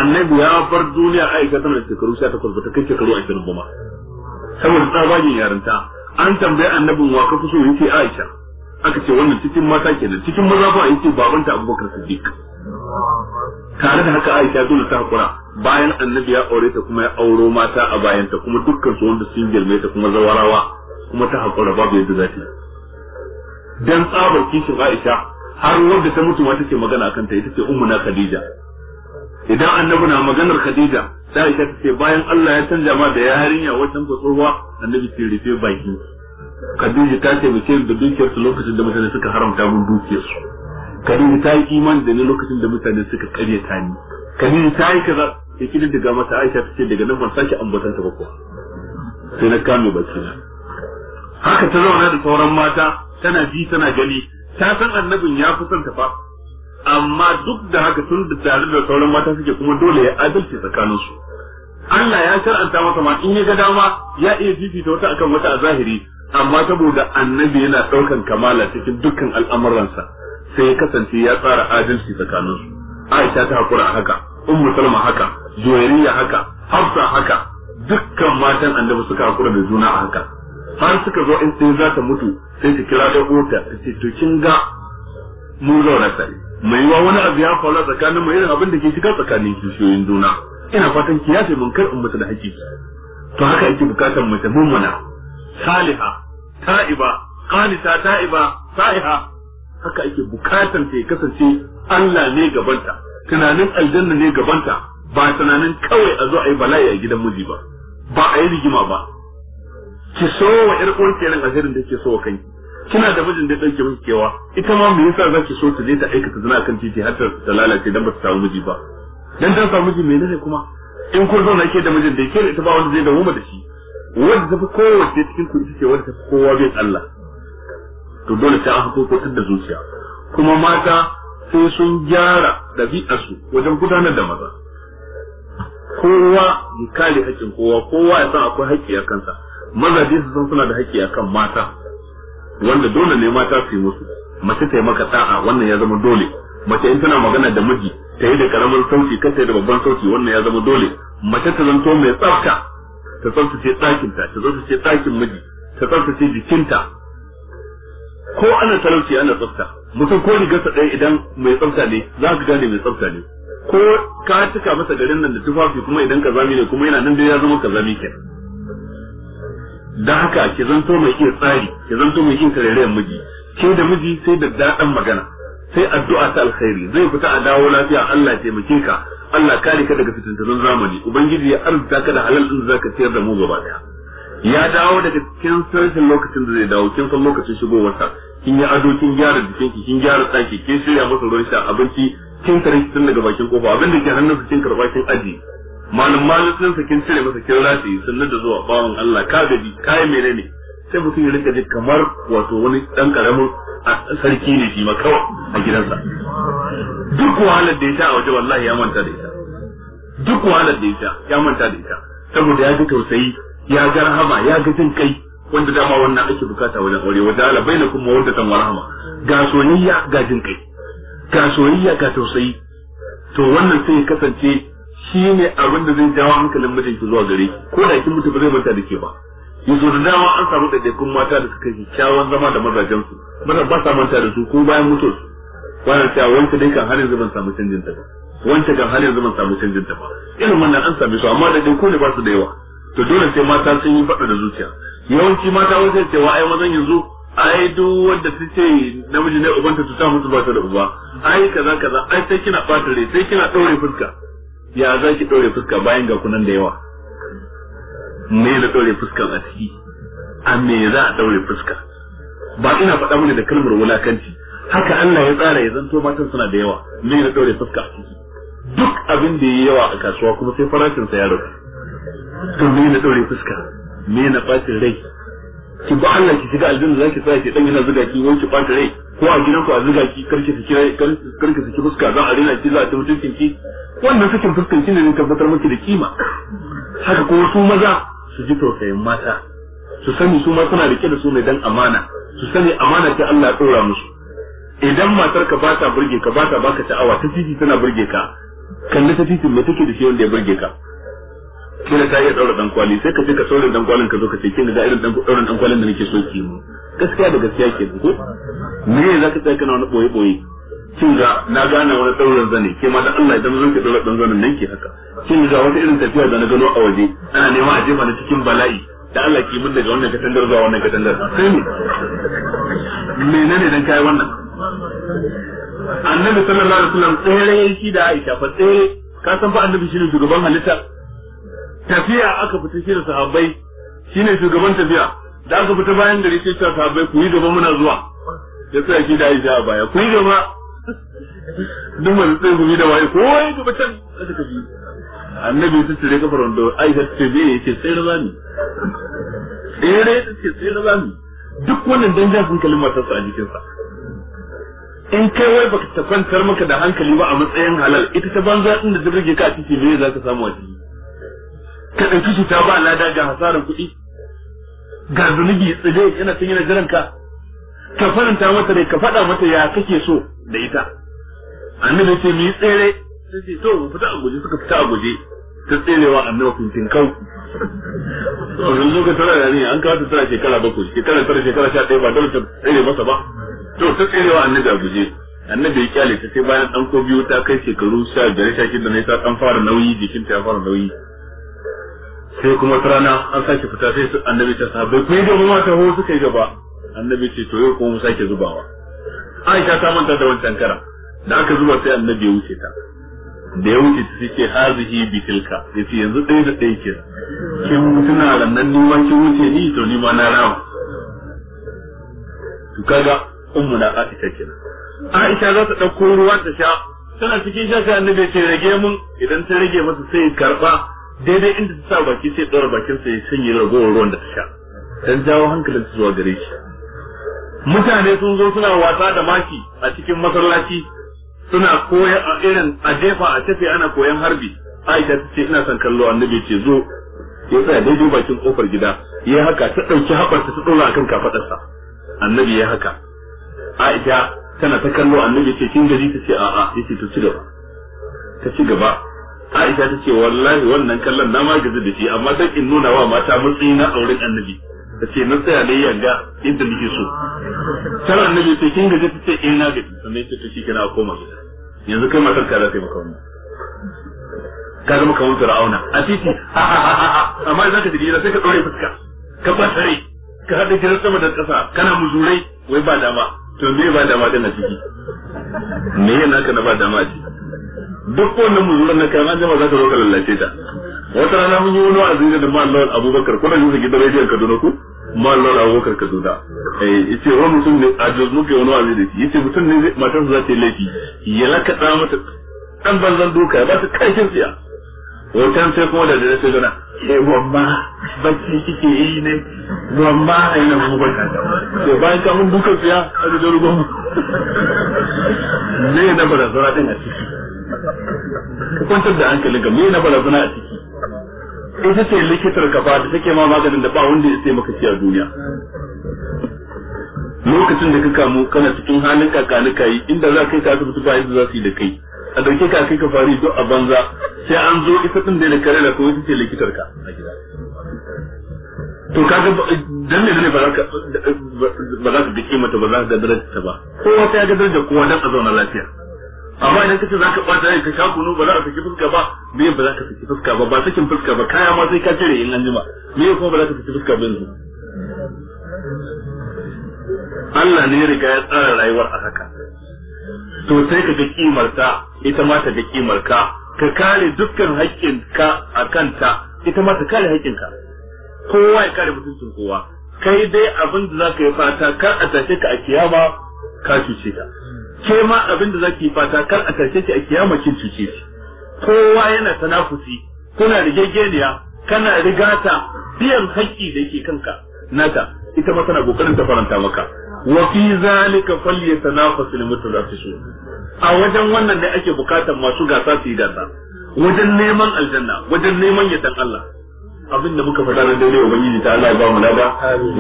annabi ya bar duniya aisha tana da shekaru 18 ba ta kai shekaru 20 ba ma saboda tsabagen yarinta an tambaye annabin wa ka so yace Aisha aka ce wannan cikin mata kenan cikin maza ba yake babanta Abubakar Siddiq tare da haka Aisha dole ta hakura bayan annabi ya aure ta kuma ya auro mata a bayanta kuma dukkan su wanda sun girme ta kuma zawarawa kuma ta hakura babu yadda za ta dan tsabar kishin Aisha har wanda ta mutu ma take magana akan ta ita ce ummuna Khadija idan annabi na maganar Khadija da Aisha ta ce bayan Allah ya canja ma da yarinya wajen tsohuwa annabi ce rufe baki Khadija ta ce bace da dukiyar su lokacin da mutane suka haramta mun dukiyar su Khadija ta yi imani da ni lokacin da mutane suka ta ni Khadija ta yi kaza yake da daga mata Aisha ta ce daga nan ban sake ambatan ta ba ko sai na kame baki haka ta zauna da sauran mata tana ji tana gani ta san annabin ya kusanta fa amma duk da haka tun da tare da sauran mata suke kuma dole ya adalci tsakanin su Allah ya shar'anta masa ma in ya ga dama ya iya fifita wata akan wata a zahiri amma saboda annabi yana daukan kamala cikin dukkan al'amuransa sai ya kasance ya tsara adalci tsakanin su Aisha ta hakura haka Ummu Salma haka Zuwairiya haka Hafsa haka dukkan matan annabi suka hakura da juna a haka har suka zo in sai za ta mutu sai ta kira da ta ce to kin ga mu zauna tare mai yiwa wani abu ya faru tsakanin mu irin abin da ke shiga tsakanin kishiyoyin juna ina fatan ki kiyaye mun kar in mutu da haƙƙi to haka yake bukatar mace mummuna saliha ta'iba qanita ta'iba sa'iha haka ake bukatar ta kasance Allah ne gabanta tunanin aljanna ne gabanta ba tunanin kawai a zo a yi bala'i a gidan miji ba ba a yi rigima ba ki so wa ƴar uwanki a da ke so wa kanki kina da mijin da ya ɗauke miki kewa ita ma me yasa zaki so ta je ta aikata zina kan titi har ta lalace dan ba ta samu miji ba dan ta samu miji menene kuma in kun zauna ke da mijin da yake ita ba wanda zai mu da shi wanda tafi kowace cikin ku ita ce wanda tafi kowa bin Allah to dole ta hako ko da zuciya kuma mata sai sun gyara ɗabi'arsu wajen gudanar da maza kowa ya kare haƙƙin kowa kowa ya san akwai haƙƙi a kansa mazaje su san suna da haƙƙi a kan mata wanda dole ne mata su yi musu mace ta yi maka sa'a wannan ya zama dole mace in tana magana da miji ta yi da karamin sauti ka ta da babban sauki wannan ya zama dole mace ta zanto mai tsafta ta ce tsakin ta ta ce ɗakin miji ta tsaftace jikinta ko ana talauci ana tsafta mutum ko rigarsa ɗaya idan mai tsafta ne za ka gane mai tsafta ne ko ka cika masa garin nan da tufafi kuma idan ka kazami ne kuma yana nan dai ya zama kazami kenan dan haka ki zanto mai iya tsari ki zanto mai yin karerayen miji ke da miji sai da dadan magana sai addu'a ta alkhairi zai fita a dawo lafiya Allah ya taimake ka Allah kare ka daga fitintunan zamani ubangiji ya arzuta ka da halal din zaka ciyar da mu gaba daya ya dawo daga cikin sarkin lokacin da zai dawo cikin san lokacin shigowar sa kin yi ado kin gyara jikin ki kin gyara tsaki kin shirya masa ruwan sha abinci kin tare kin daga bakin kofa abin ke hannun kin karba kin aji malum malum sa kin cire masa kin rashi sun da zuwa bawon Allah ka gaji kai menene sai mutum ya rinka ji kamar wato wani dan karamin sarki ne shi ma kawai a gidansa duk wahalar da ya sha a waje wallahi ya manta da ita duk wahalar da ya sha ya manta da ita saboda ya ji tausayi ya ga rahama ya ga jin kai wanda dama wannan ake bukata wajen aure wajen ala bainakum mawaddatan wa rahama ga soyayya ga jin kai ga soyayya ga tausayi to wannan sai ya kasance shi ne abin da zai jawo hankalin mijinki zuwa gare ko da kin mutu ba zai manta da ke ba yanzu da dama an samu ɗaiɗaikun mata da suka yi kyawun zama da mazajensu maza ba sa manta da su ko bayan mutu wannan cewa wancan dai kan har yanzu ban samu canjin ta ba wancan kan har yanzu ban samu canjin ta ba irin wannan an same su amma da ɗaiɗaiku ne ba su da yawa to dole sai mata sun yi faɗa da zuciya yawanci mata wajen cewa ai mazan yanzu ai duk wanda su ce namiji ne ubanta ta mutu ba ta da uba ai kaza kaza ai sai kina ɓata rai sai kina ɗaure fuska ya za ki ɗore fuska bayan ga kunan da yawa me da ɗore fuskan a ciki a me za a ɗaure fuska ba ina faɗa mana da kalmar wulakanci haka Allah ya tsara ya zanto matan suna da yawa me da ɗore fuska a ciki duk abin da yi yawa a kasuwa kuma sai farashin sa ya rufe to me na ɗore fuska me na ɓacin rai ki ba Allah ki shiga aljanna zaki tsaya ki dan yana zuga ki wanki banta rai ko a gidan ku a zuga ki karki ki kira karki ki fuska za a rena ki za a tafi cikin ki wannan sakin fuskan ki ne ne tabbatar miki da kima haka ko su maza su ji tausayin mata su sani su ma suna rike da su ne dan amana su sani amana ta Allah tsora musu idan matar ka ba ta burge ka ba ta baka ta'awa ta titi tana burge ka kalli ta titin me take da shi wanda ya burge ka kila ta iya daura dan kwali sai ka je ka saurin dan kwalin ka zo ka ce kin da irin dan daura dan kwalin da nake so ki gaskiya da gaskiya ke ku me ne zaka tsaya kana wani boye boye kin ga na gane wani dauran zane ke ma da Allah idan zan ki daura dan zanen nan ke haka kin ga wata irin tafiya da na gano a waje ana nema a jefa na cikin bala'i da Allah ki mun daga wannan katangar zuwa wannan katangar sai ne menene dan kai wannan annabi sallallahu alaihi wasallam tsere yake da Aisha fa tsere ka san ba annabi shine shugaban halitta tafiya aka fita shi da sahabbai shine shugaban tafiya da aka fita bayan gari sai ta sahabbai ku yi gaba muna zuwa ya sa shi da Aisha baya ku yi gaba duk mai tsaye yi da waye ko yi gaba can aka tafi annabi ta cire kafar wanda Aisha ta ce yake sai raza ni eh ne ta ce sai raza ni duk wannan danja sun kalmar ta sa jikin sa in kai wai baka ta kwantar maka da hankali ba a matsayin halal ita ta banza din da ta rage ka ciki me za ka samu a ciki ka ɗauki cuta ba lada ga hasarar kuɗi ga zunubi tsile yana cin yana jiran ka ka faranta mata ne ka faɗa mata ya kake so da ita annabi ce mu yi tsere sai ce to fita a guje suka fita a guje ta tserewa annabi fintin kau wannan zo ka tara da ni an kawo ta tara shekara bakwai shekara tara shekara sha ɗaya ba dole ta tsere masa ba to ta tserewa annabi a guje annabi ya kyale ta sai bayan ɗan ko biyu ta kai shekaru sha biyar sha shida ne ta ɗan fara nauyi jikinta ya fara nauyi sai kuma wata rana an sake fita sai su annabi ta sahabbai kun gaba ma ta ho suka yi gaba annabi ce to yau kuma mu sake zubawa Aisha ta manta da wancan kara da aka zuba sai annabi ya wuce ta da ya wuce ta ce hazihi bi tilka yace yanzu ɗaya da ɗaya ke kin tuna nan ni ma kin wuce ni to ni ma na rawa to kaga ummu na Aisha kenan Aisha za ta ɗauko ruwan ta sha tana cikin shaka annabi ce rage mun idan ta rage masa sai karba daidai inda ta sa baki sai ɗora bakin sa ya shanye ragowar ruwan da ta sha don jawo hankalin su zuwa gare shi mutane sun zo suna wasa da maki a cikin masallaci suna koyan a irin a jefa a tafe ana koyan harbi Aisha ta ce ina son kallo annabi ce zo ya tsaya daidai bakin kofar gida ya haka ta ɗauki haɓarsa ta ɗora akan kafaɗarsa annabi ya haka Aisha tana ta kallo annabi ce kin gaji ta ce a'a yace to ci gaba ta ci gaba Aisha ta ce wallahi wannan kallon na ma gaji da shi amma dan in nuna wa mata matsayi na auren annabi ta ce na tsaya ne yanga inda nake so tana annabi ce kin gaji ta ce in eh, na gaji sannan ta ce kina a koma yanzu kai matar ka za ka yi maka wannan ka zama kamar fir'auna a titi amma idan ka tafi sai ka dore fuska ka ba sare, ka hada gidan sama da kasa kana muzurai wai ba dama to me ba dama din na ciki me yana naka na ba dama ciki duk wannan muzuran na kayan an jama za ka zo ka lallace ta wata rana mun yi wani wa'azi da mallawar abubakar ko yi su gidan rediyon kaduna ku mallawar abubakar kaduna eh yace wani mutum ne a jos muke wani wa'azi da shi yace mutum ne matarsa za ta yi laifi ya lakaɗa mata ɗan banzan doka ba ta kin tsiya hoton sai kuma da dare sai zana ke eh, wamma bacci kike yi ne wamma a yi na mugun to bayan ka mun duka fiya a da jirgo ne na zura din a ciki ka kwantar da hankali ka me na zura a ciki ita ce likitar kafa da take ma maganin da ba wanda ya sai maka ci a duniya lokacin da ka kamu kana cikin halin kakanika yi inda za ka yi ta asibiti ba yadda za su yi da kai a dauke ka kai ka fari duk a banza sai an zo ita din da kare da ko ita ce likitar ka to kaga dan ne ne ba za ka ba za ka dake mata ba za ka daraja ta ba kowa ta ga daraja kowa dan a zauna lafiya amma idan kace zaka ka bata rai ka sha kunu ba za ka saki fuska ba me ba za ka saki fuska ba ba sakin fuska ba kaya ma sai ka tare in an jima me kuma ba za ka saki fuska ba yanzu Allah ne ya riga ya tsara rayuwar a haka to sai ka ga kimar ta ita ma ta ga marka ka kare dukkan haƙƙin ka a kanta ita ma ta kare haƙƙin ka kowa ya kare mutuncin kowa kai dai abin da zaka yi fata kar a tashe ka a kiyama ka cuce ta ke ma abin da zaka yi fata kar a tashe ki a kiyama kin cuce shi kowa yana tanafusi kuna rigegeniya kana rigata biyan haƙƙi da yake kanka nata ita ma tana kokarin ta faranta maka wa fi zalika falyatanafasul mutanafisun a wajen wannan ne ake bukatar masu gasa su yi gasa wajen neman aljanna wajen neman yadda Allah abin da muka faɗa nan daidai ubangiji ta Allah ba mu lada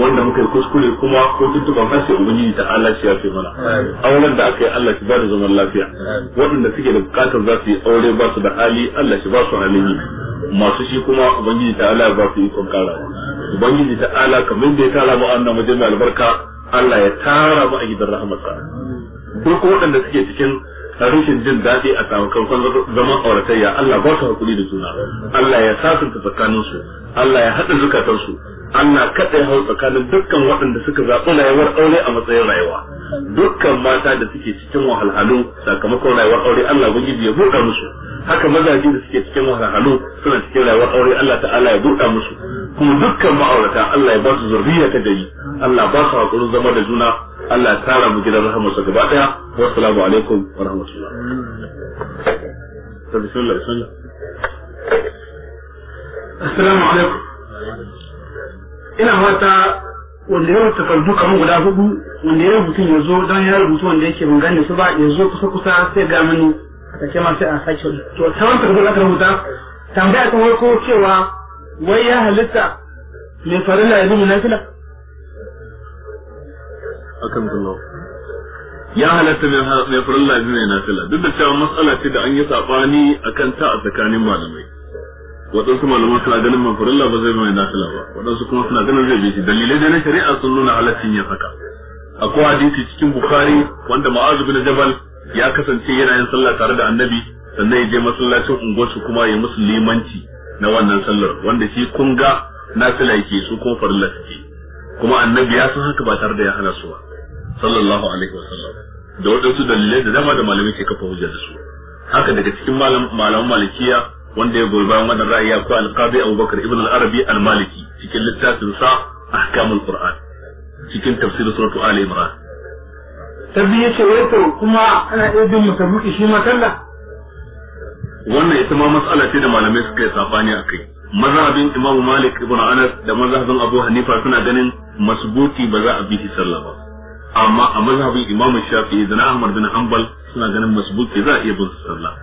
wanda muka yi kuskure kuma ko tuntuban har sai ubangiji ta Allah shi ya fi mana auren da aka yi Allah shi ba da zaman lafiya waɗanda suke da bukatar za su yi aure ba su da hali Allah shi ba su halin yi masu shi kuma ubangiji ta Allah ba su ikon kara ubangiji ta Allah kamar da ya tara mu annan wajen albarka Allah ya tara mu a gidan rahmatsa duk waɗanda suke cikin rashin jin daɗi a sakamakon zaman auratayya Allah ba su hakuri da juna Allah ya sasanta tsakanin su Allah ya haɗa zukatan su Allah kaɗai hau tsakanin dukkan waɗanda suka zaɓi rayuwar aure a matsayin rayuwa dukkan mata da suke cikin wahalhalu sakamakon rayuwar aure Allah ubangiji ya buɗa musu haka mazaje da suke cikin wahalhalu suna cikin rayuwar aure Allah ta'ala ya buɗa musu kuma dukkan ma'aurata Allah ya ba su zurriya ta gari Allah ba su hakurin zama da juna Allah ya tara mu gidan rahamarsa gaba Wa salamu alaikum wa rahmatullah bismillah assalamu alaikum ina fata wanda ya rubuta fardu kamar guda hudu wanda ya rubuta ya zo don ya rubuta wanda yake ban gane su ba ya zo kusa kusa sai ga mani a take ma sai a sake to ta wani takardar aka rubuta tambaya ta farko cewa wai ya halitta mai farilla ya zama nafila akan kullu ya halatta mai furin lafi mai nafila duk da cewa matsala ce da an yi sabani akan ta a tsakanin malamai waɗansu malaman suna ganin mai ba zai mai nafila ba waɗansu kuma suna ganin zai bi shi dalilai da na shari'a sun nuna halaccin yin haka akwai hadisi cikin bukhari wanda ma'azu bin jabal ya kasance yana yin sallah tare da annabi sannan ya je masallacin unguwarsu kuma ya musu limanci na wannan sallar wanda shi kun ga nafila yake su kuma farilla suke kuma annabi ya san haka ba tare da ya hana su ba sallallahu alaihi wa wasallam da waɗansu dalilai da dama da malamai ke kafa hujja da su haka daga cikin malaman malikiya wanda ya goyi bayan wannan ra'ayi akwai al-qadi Abubakar ibn al-Arabi al-Maliki cikin littafin sa al Qur'an cikin tafsirin suratu Ali Imran tabbi yace wai kuma ana iya bin musabbuki shi ma sallah wannan ita ma mas'ala ce da malamai suka yi sabani akai mazhabin Imam Malik ibn Anas da mazhabin Abu Hanifa suna ganin masbuki ba za a bi sallah ba amma a mazhabin imam shafi'i da ahmad bin hanbal suna ganin masbuki za a iya bin sallah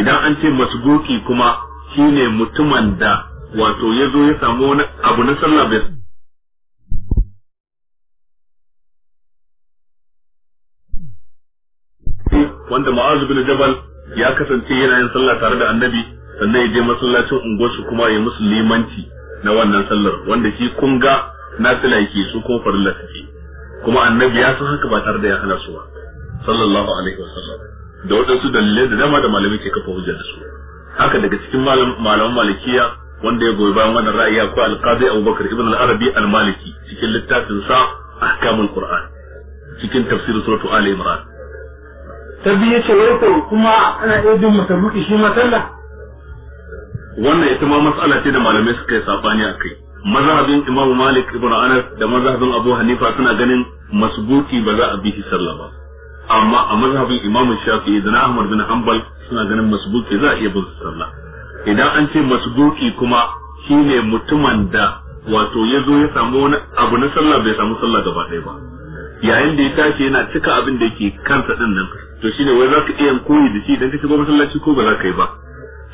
idan an ce masbuki kuma shine mutumin da wato ya zo ya samu wani abu na sallah bai wanda ma'azu bin jabal ya kasance yana yin sallah tare da annabi sannan ya je masallacin unguwarsu kuma ya musu limanci na wannan sallar wanda shi kun ga na yake su kuma farilla suke kuma annabi ya san haka ba tare da ya hana su ba sallallahu alaihi wasallam da waɗansu dalilai da dama da malami ke kafa hujja da su haka daga cikin malaman malikiya wanda ya goyi bayan wannan ra'ayi akwai alqadi abubakar ibn al-arabi al-maliki cikin littafin sa ahkamul qur'an cikin tafsir suratu ali imran tabi yace wai kuma ana iya jin mutaruki shi ma sallah wannan ita ma mas'ala ce da malamai suka yi sabani akai mazhabin Imam Malik ibn Anas da mazhabin Abu Hanifa suna ganin masbuki ba za a bi shi sallah ba amma a mazhabin Imam Shafi'i da Ahmad bin Hanbal suna ganin masbuki za a iya bin sallah idan an ce masbuki kuma shine mutumin da wato ya zo ya samu wani abu na sallah bai samu sallah gaba ɗaya ba yayin da ya tashi yana cika abin da yake kansa din nan to shine wai za ka iya koyi da shi idan ka shigo masallaci ko ba za ka yi ba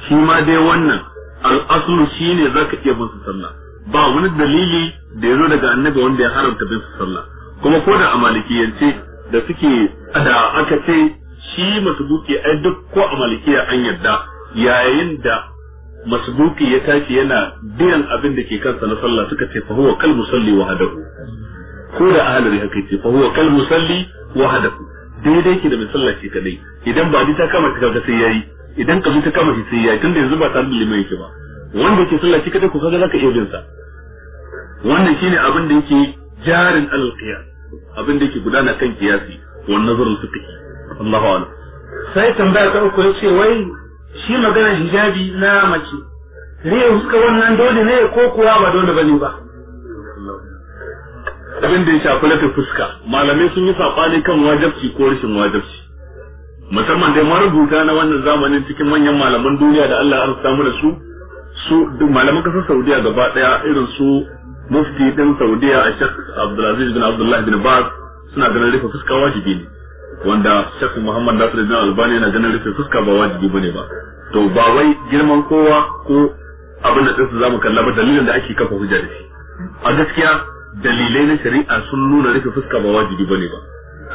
shi ma dai wannan al'aslu shine za ka iya bin sallah ba wani dalili da ya zo daga annabi wanda ya haramta bin sallah kuma ko da a malikiyance da suke da aka ce shi masbuki ai duk ko a malikiya an yadda yayin da masbuki ya tashi yana biyan abin da ke kansa na sallah suka ce fa huwa kal musalli wahdahu ko da ahlari haka ce fa huwa kal musalli wahdahu daidai ke da mai sallah shi kadai idan ba ta kama ta kaga sai yayi idan kabi ta kama sai yayi tunda yanzu ba ta da limai ke ba wanda ke sallah shi kadai ku kaga zaka iya bin wannan shine abin da yake jarin alqiyas abin da yake gudana kan kiyasi wannan nazarul fiqhi Allahu a'lam sai tambaya ta uku yace wai shi magana hijabi na mace ne huska wannan dole ne ko kuwa ba dole bane ba abin da ya shafi lafi fuska malamai sun yi saɓani kan wajabci ko rashin wajabci musamman dai marubuta na wannan zamanin cikin manyan malaman duniya da Allah ya samu da su su malaman kasar Saudiya gaba daya irin su mufti din Saudiya a shek Abdulaziz bin abdullahi bin Baz suna ganin rufe fuska wajibi ne wanda shek Muhammad Nasiruddin Albani yana ganin rufe fuska ba wajibi bane ba to ba wai girman kowa ko abin da za mu kalla ba dalilin da ake kafa hujja da shi a gaskiya dalilai na shari'a sun nuna rufe fuska ba wajibi bane ba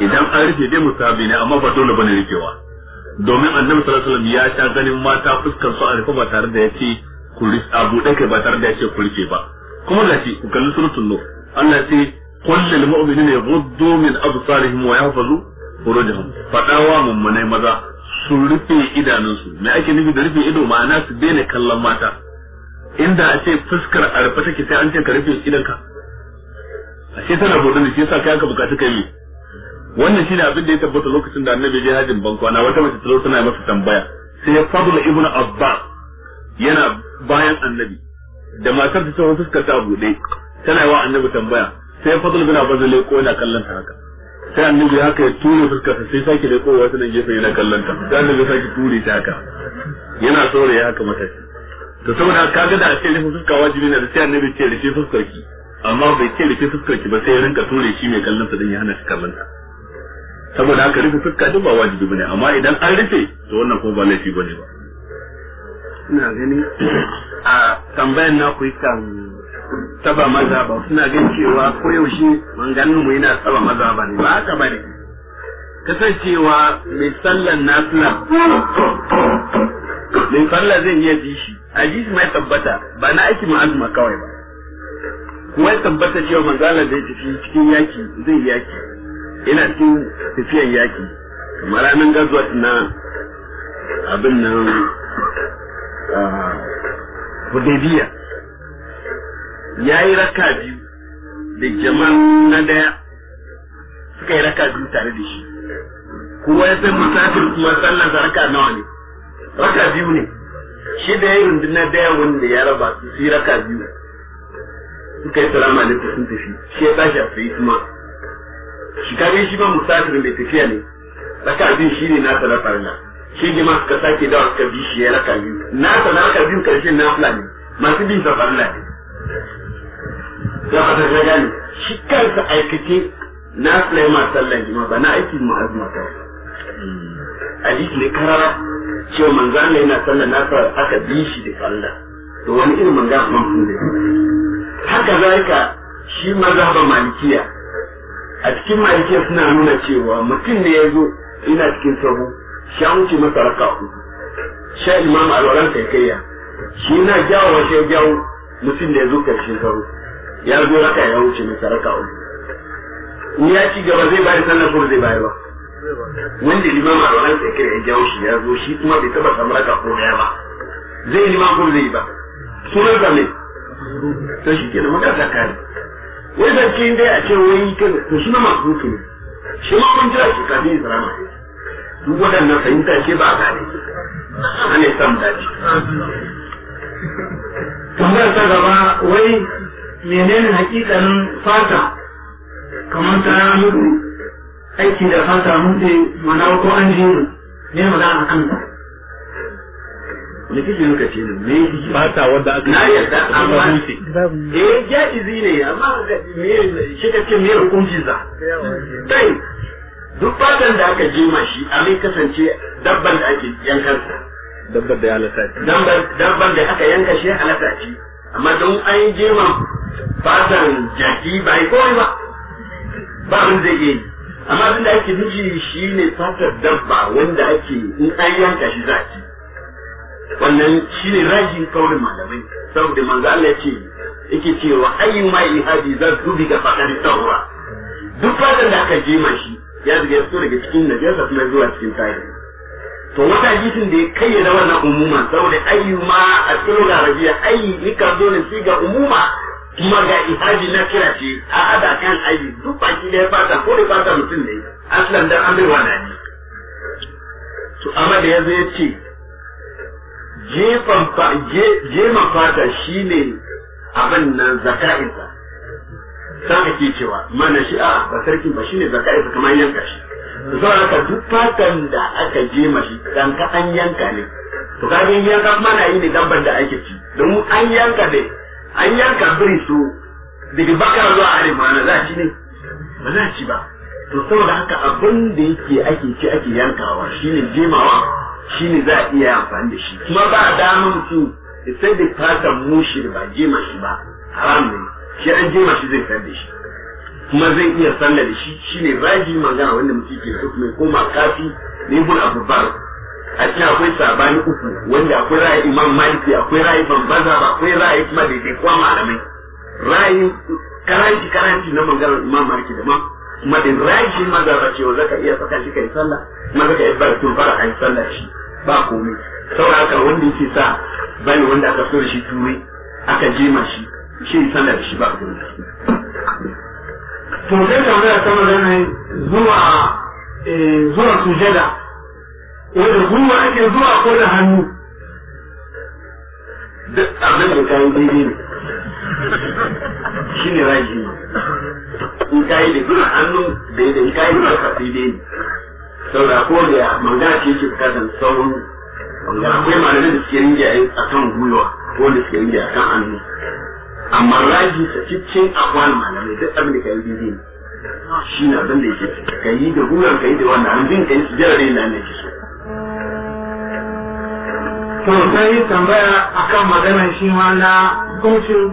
idan an rufe dai musabi ne amma ba dole bane rufewa domin annabi sallallahu alaihi wasallam ya sha ganin mata fuskar su a rufe ba tare da ya ce a buɗe kai ba tare da ya ce kurce ba kuma da shi ku kalli suratul nur Allah ce kullu lil mu'minina yaghuddu min absarihim wa yahfazu furujahum fadawa mummunai maza su rufe idanunsu me ake nufi da rufe ido ma'ana su daina kallon mata inda a ce fuskar a rufe take sai an ce ka rufe idanka ce tana bude ne shi yasa kai aka bukaci kai me wannan shine abin da ya tabbata lokacin da annabi ya hajin bankwana wata mace ta zo tana masa tambaya sai ya fadula ibnu abbas yana bayan annabi da matar ta tawo fuskar ta bude tana wa annabi tambaya sai fadl bin abbas zai ko yana kallon ta haka sai annabi haka ya tura fuskar ta sai sake da kowa sanan gefe yana kallon ta sai annabi sake ture ta haka yana ya haka mata to saboda kaga da ake nufin fuska wajibi ne da sai annabi ce rufe fuskar ki amma bai ce rufe fuskar ki ba sai ya rinka ture shi mai kallon ta dan ya hana shi kallon ta saboda haka rufe fuska duk ba wajibi bane amma idan an rufe to wannan ko ba laifi bane ba suna gani a tambayan na ku kan taba maza ba suna gan cewa koyaushe manganin mu yana taba maza ba ne ba haka ba ne kasancewa mai sallan suna mai sallan zai iya ji shi a ji shi mai tabbata ba na aiki ma azuma kawai ba kuma ya tabbata cewa manzala zai tafi cikin yaki zai yaki ina cikin tafiyan yaki kamar ranar gazuwa na abin nan hudaybiya yi raka biyu da jama'a na daya suka yi raka biyu tare da shi kowa ya san musafir kuma sallar da raka nawa ne raka biyu ne shi da ya na daya wanda ya raba su su yi raka biyu suka yi salama ta sun tafi shi ya tashi a tsaye kuma shi kare shi ba musafir mai tafiya ne raka biyu shi ne na sarrafa na shi ji ma ka sake dawa ka bi shi ya raka biyu na ta na raka biyu karshen na fulani masu bin sa farilla ne ya fata ka ne shi kansa aikace na fulani ma sallan ma ba na aiki ma azuma kawai hmm. hadisi ne karara cewa manzo Allah yana sallan na aka bi shi da farilla to wani irin manzo Allah mun da haka zalika shi mazhaban malikiya a cikin malikiya suna nuna cewa mutum ne ya zo ina cikin sabo. shi an wuce masa raka ku sha imam alwalan kai kaiya shi na jawo wa shi jawo mutum da ya zo karshen karo ya zo raka ya wuce masa raka ku in ya ci gaba zai bayar sannan kuma zai bayar ba wanda limam alwalan kai kaiya ya jawo shi ya zo shi kuma bai taba samu raka ko ya ba zai nima kuma zai ba sunan sa ne to shi ke da ta kare wai zance dai a ce wai kan to suna masu mutum shi ma mun jira shi kafin islama ne duk waɗannan fahimta ce ba a gane ne samun dace tambayar ta gaba wai menene hakikanin fata kamar ta ya mutu aiki da fata mutu mana ko an ji ne magana a kanta likita yanka ce ne ne fata wanda aka na yadda amma eh jaizi ne amma me shi kake me hukunci za dai duk fatan da aka jima shi a mai kasance dabban da ake yankan dabban da ya halatta ci dabban da aka yanka shi halatta ci amma don an yi jima fatan jaki ba yi kowai ba ba abin zai yi amma abin da ake nufi shi ne fatar dabba wanda ake in an yanka shi za ci wannan shi ne rajin kawai malamai saboda manzo Allah ya ce yake cewa ayyu ma ihadi za su bi ga fadar saura duk fatan da aka jima shi ya riga su daga cikin najasa kuma zuwa cikin tayi to wata hadisin da ya kayyana wannan umuma saboda ayyu ma a cikin arabiya ni ka zo ne shi ga umuma kuma ga ihadi na kira ce a hada kan ayyu duk baki da ya fata ko da fata mutum ne aslan dan an bai wannan to amma da yazo ya ce jefan fa je jema fata shine abin nan zaka'insa sa ake cewa mana shi a ba sarki ba shine zaka isa kamar yanka shi to ka duk fatan da aka je mashi dan ka an yanka ne to ka ga yanka mana yi ne dabban da ake ci don an yanka ne an yanka biri so daga bakar zuwa arewa na za ci ne ba za ci ba to saboda haka abin da yake ake ci ake yankawa shine jemawa shine za a iya amfani da shi kuma ba damar su sai da fatan mushi ba jema shi ba haram ne shi an je shi zai san da shi kuma zai iya sallah da shi shine raji magana wanda mutum ke so kuma koma kafi ne ibn abubar a cikin akwai sabani uku wanda akwai ra'ayi imam maliki akwai ra'ayi banbaza ba akwai ra'ayi kuma da dai kwa malamai ra'ayi karanci karanci na magana imam maliki da ma kuma din ra'ayi shi ma da cewa zaka iya saka shi kai sallah kuma zaka iya bar fara kai sallah shi ba komai saboda haka wanda yake sa bani wanda aka so shi turai aka jima shi shi sallar shi ba abin da to sai tambaya ta magana zuwa eh, zuwa sujada wanda zuwa ake zuwa ko da hannu duk abin da kayan daidai ne shi ne raji ne in kayi da zuwa hannu daidai in kayi da ne ko ke akwai malamin da suke rinjaye a kan gwiwa ko da suke rinjaye a kan hannu amma raji ta cikin akwal malamai duk abin da ka yi bibi ne shi na abin da yake ka yi da ruwan ka yi da wannan abin ka yi su jira da yana ne ke so. to sai tambaya akan maganar shi ma na hukuncin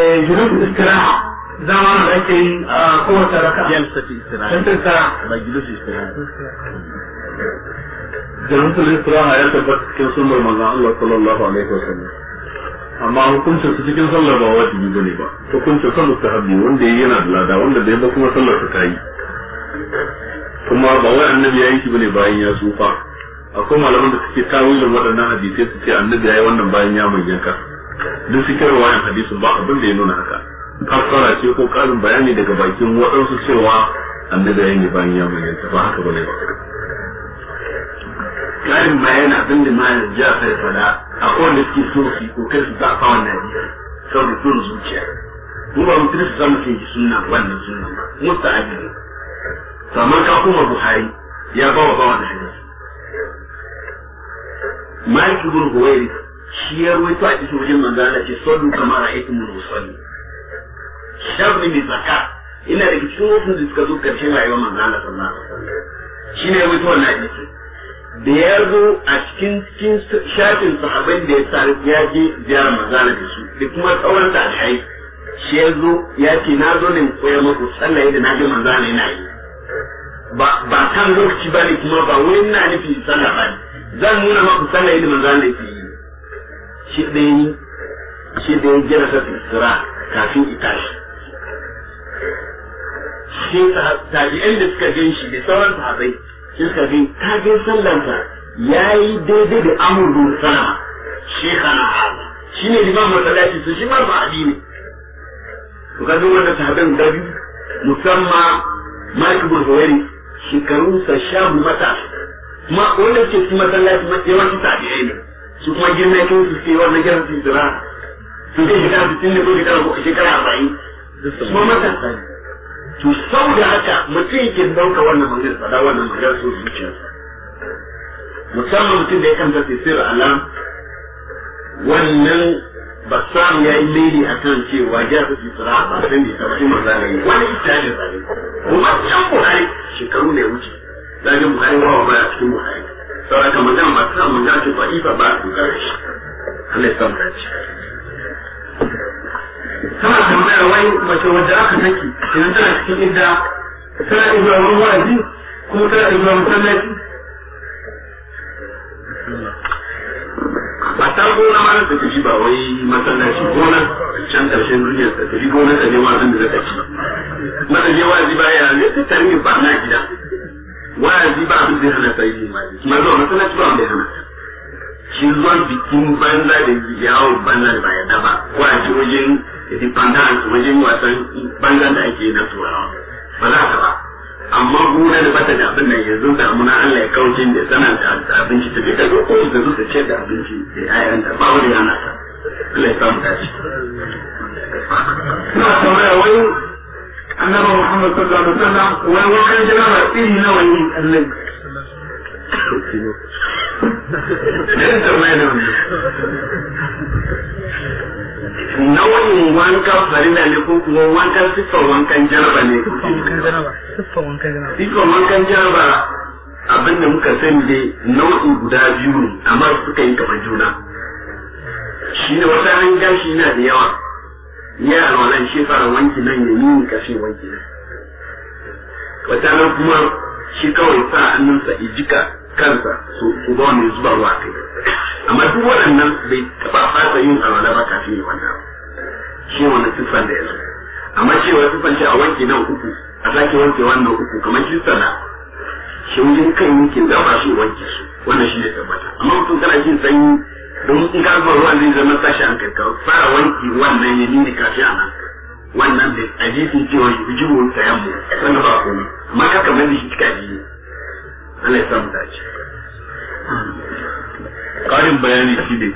eh, junub istira zama da ke yi a ah, kowace raka. yan fi istira. Jalsa istiraha. Ba julus istiraha. Jalsa istiraha ya tabbata cikin sunan manzon Allah sallallahu alaihi wa sallam. amma hukuncin su cikin sallar ba wajibi bane ba hukuncin ta mustahabi wanda yayi yana da lada wanda bai ba kuma sallar ta yi kuma ba wai annabi yi shi bane bayan ya tsufa akwai malaman da suke tawilin waɗannan hadisai su ce annabi yi wannan bayan ya yanka duk su kira wayan hadisin ba abin da ya nuna haka kafara ce ko karin bayani daga bakin waɗansu cewa annabi ya yi bayan ya yanka ba haka bane ba karin bayan abin da ma Jafar faɗa a wanda suke so su yi kokarin su zafa wannan biyar saboda son zuciya mu ba mutum su zama kai suna wannan suna ba musta abin to amma ka kuma buhari ya ba wa bawa da shi Maki ibn huwairi shi ya ruwa a cikin wajen manzana ce sallu kama ra'aytum musalli sharri mai zaka ina da cikin wasu da suka zo karshen rayuwar manzana Allah shi ne wasallam shine ya ruwaito wannan hadisi da ya zo a cikin cikin shafin sahabbai da ya tsari ya je ziyara mazana da su da kuma tsawon da alhai shi ya zo ya ce na zo ne koya muku tsallaye da na ji manzana yana yi ba kan lokaci ba ne kuma ba wani na nufi tsalla ba ne zan nuna maku tsallaye da manzana da yi shi da yi shi da ya jira sa tsira kafin ita shi tabi'in da suka gan shi da sauran sahabbai sai suka fi kafin sallansa ya yi daidai da amur bin sana shekha na haza shi ne liman masallaci su shi ma ba'adi ne to ka zo wanda sahabin gabi musamman malik bin huwairi shekarunsa sha mata kuma wanda suke cikin masallaci yawancin tabi'ai ne su kuma girma ya su suke wannan girma su zira su zai shekara sittin ne ko shekara arba'in su kuma matasa ne to sau da haka mutum ke dauka wannan magana fada wannan magana so zuciyarsa musamman mutum da ya kanta sai alam wannan ba samu ya yi lili a kan cewa ya su fi tsara ba san bai taɓa ima zane wani ita ne zane wani can buhari shekaru ne wuce zane buhari wawa ba a cikin buhari saboda magana ba samu dace ba ifa ba a dogara shi Allah ya samu tana tambayar wai mace wadda aka saki yanzu tana cikin idda tana iya wurin wa'azi kuma tana iya masallaci ba ta gona ma da tafi ba wai masallaci gona can ƙarshen duniyar ta tafi gona ta nema abin da za ta ci mata je wa'azi ba ya ne ta tarin ba na gida wa'azi ba abin da hana ta yi ma zuwa masallaci ba wanda ya hana ta shi zuwa bikin banza da yawon banza da bayan ba ko a ci wajen wajen wasan bangan ake na turawa ba za ta ba amma gura da bata da abin nan yanzu da muna Allah ya kauce da sanar da abinci ta bai daga ko da zuwa ce da abinci da ayyan da ba wani yana ta Allah ya samu dace na tambaya wai annabi Muhammad sallallahu alaihi wasallam wai wani jira ba tsiri na wani annabi Idan tambaya nau'in wankan farila ne ko kuma wankan siffar wankan jaraba ne siffar wankan jaraba abin da muka sani dai nau'i guda biyu ne amma suka yi kamar juna shi ne wata an gashi yana da yawa ya alwalan shi fara wanki nan ne ya ka kashin wanki nan wata nan kuma shi kawai sa hannunsa ijika kansa su ba wani zuba ruwa kai amma duk waɗannan bai taɓa fasa yin alwala ba kafin yi wannan shi wani siffan da ya zo amma cewa siffan ce a wanke nan uku a sake wanke wannan uku kamar shi sana shi wajen kan yankin da ba shi wanke su wannan shi ne tabbata amma mutum kana jin sanyi don in ka zuba ruwan zai zama sashi an karkar fara wanke wannan ya nini kafin a nan wannan da ajifin cewa yi bijiru ta yamma sannan ba kuma amma ka kamar da shi cika biyu Allah ya samu dace karin bayani shi ne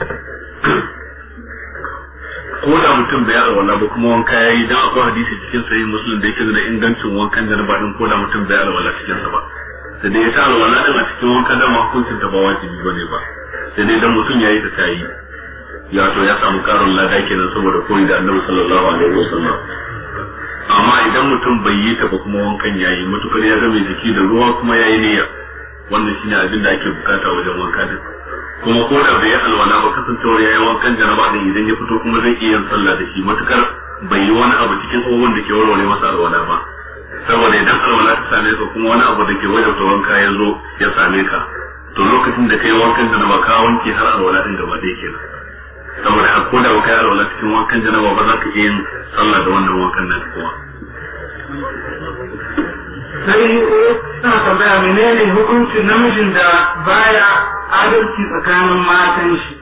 ko da mutum bai alwala ba kuma wanka ya yi, don akwai hadisi cikin sahih muslim da yake da ingancin wankan jarba din ko da mutum bai alwala cikin sa ba sai dai ya sa alwala din a cikin wanka da hukuncin ta ba wajibi bane ba sai dai don mutum ya yi ta tayi ya to ya samu karin lada kenan saboda koyi da Annabi sallallahu alaihi wasallam amma idan mutum bai yi ta ba kuma wankan ya yi, mutukar ya zama jiki da ruwa kuma ya yi niyya wannan ne abin da ake bukata wajen wanka din kuma ko da bai yi alwala ba kasancewar yayin wankan janaba din idan ya fito kuma zai iya yin sallah da shi matukar bai yi wani abu cikin tsohon da ke warware masa alwala ba saboda idan alwala ta same ka kuma wani abu da ke wajen ta wanka ya zo ya same ka to lokacin da kai wankan janaba ka wanke har alwala din gaba ɗaya kenan saboda a da ba kai alwala cikin wankan janaba ba za ka iya yin sallah da wannan wankan nan kuma sai suna tambaya menene hukuncin namijin da baya adalci tsakanin matan shi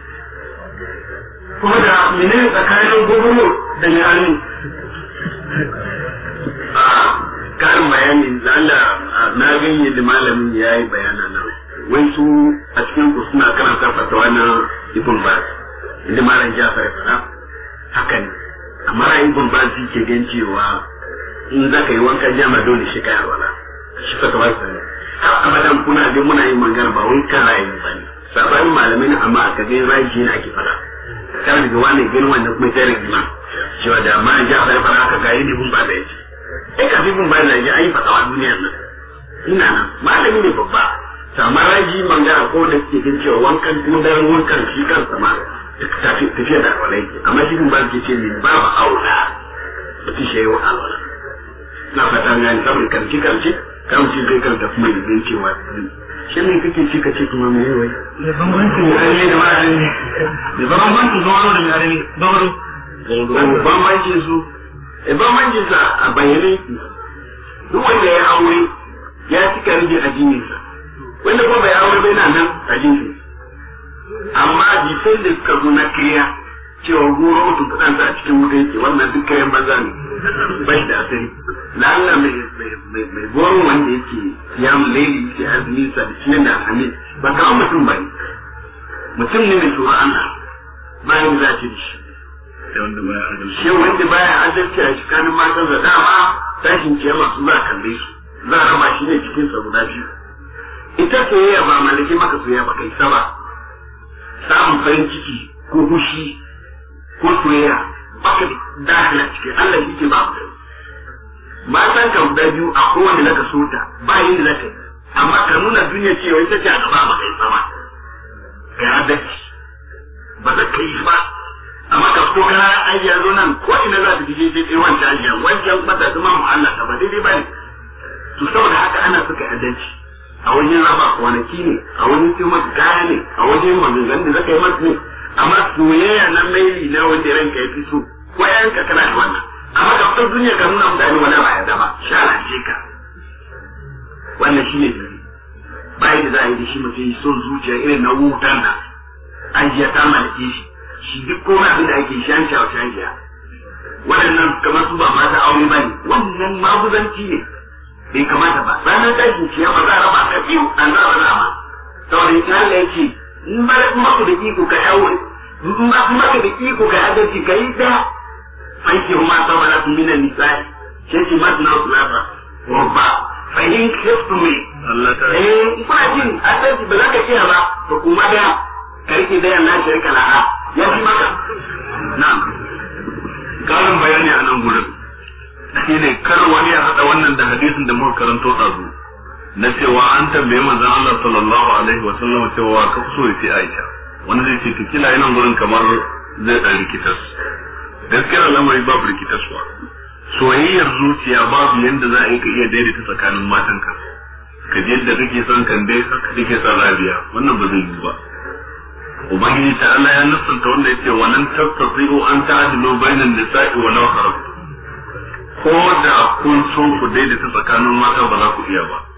kuma da menene tsakanin gurgu da mai almi a karin bayani lalla na ganye da malamin ya yi bayana nan wai su a cikin ku suna karanta fatawa na ibn baz inda malam jafar ya haka ne amma ibn baz ke gan cewa in za ka yi wankan jama dole shi kai alwala shi ka kamar sani har abadan kuna je muna yin mangar ba wai kana yi ba ne sabani malamai na amma aka ga raji ne ake fara kan da wani gani wannan kuma sai rigima cewa da ma ja bai fara aka ga yi bun ba da yake ai ka bun ba da yake ai fatawa duniyar nan ina nan malami ne babba sama raji mangara ko da ke gin cewa wankan da wankan shi kansa ma tafiya da alwala amma shi bun ba ke ce min ba ba aula mutum shi yi wa alwala na fata na yi samun karci karci kamci zai karta kuma idan cewa shi ne kake ci ka ce kuma mai wai da bambancin yare da ma'adani ne da bambancin zuwa da yare ne bambancin bambancin su eh, bambancin su a bayyane duk wanda ya aure ya cika rage a sa. wanda kuma bai aure bai na nan a jininsa amma jifin da suka zo na kiriya cewa goro mutum kaɗan a cikin wuta yake wannan duk kayan maza ne bai da asiri na Allah mai mai goro wanda yake ya mulaili yake azumi sa da shi da amin ba kawo mutum ba ne mutum ne mai tsoron Allah bayan za ce da shi shi wanda baya adalci a cikin matan da dama tashin ce masu za a kalle su za a raba shi ne cikin sa guda biyu ita soyayya ba malaki maka soyayya ba kai saba samun farin ciki ko fushi ko soyayya baka dakila cikin Allah yi ce ba ku matan ka guda biyu a kowanne na ka so ta ba yin da zaka amma ka nuna duniya cewa ita ce a gaba ba kai sama ga adalci ba za ka yi ba amma ka ko kana ayya zo nan ko ina za ta je sai wancan ayya wancan bata zama mu Allah ka ba daidai ba ne to saboda haka ana suka adalci a wajen raba kwanaki ne a wajen cimar gaya ne a wajen maganganun da zaka yi masa ne amma soyayya na maili na wanda ranka ya fi so ko yanka kana da wannan amma ka fitar duniya ka nuna mutane wani ba ya dama shalace ka wannan shi ne dare bayan da za a yi da shi yi son zuciya irin na wutar da an jiya ta malake shi shi duk komai abin da ake shan shawa shan jiya waɗannan kamar su ba mata aure ba ne wannan maguzanci ne bai kamata ba ranar tashin ciyama za a raba ta biyu an raba a saboda ita Allah ya ce in ba ku da iko ka shawuri in ba ku da iko ka adalci ka yi da an ce ma ta wala kun minan nisa'i sai ce ma suna suna ba rubba fahim kristu mai eh kuna jin adalci ba za ka kiya ba to kuma da ka rike da yana shirka la'a ya fi maka Na karin bayani anan nan gurin shine kar wani ya haɗa wannan da hadisin da muka karanto a zuwa na cewa an tambaye manzon Allah sallallahu alaihi wa sallam cewa ka so ya Aisha wani zai ce ki kila ina gurin kamar zai dan rikitas gaskiyar al'amari babu rikitaswa soyayyar zuciya babu yanda za a yi ka iya daidaita tsakanin matan ka Ka je da kake son kan dai ka kake son rabiya wannan ba zai yi ba ubangiji ta Allah ya nufanta wanda yace wannan tattasiru an ta'dilu bainan nisa'i wa law ko da kun so ku daidaita tsakanin mata ba za ku iya ba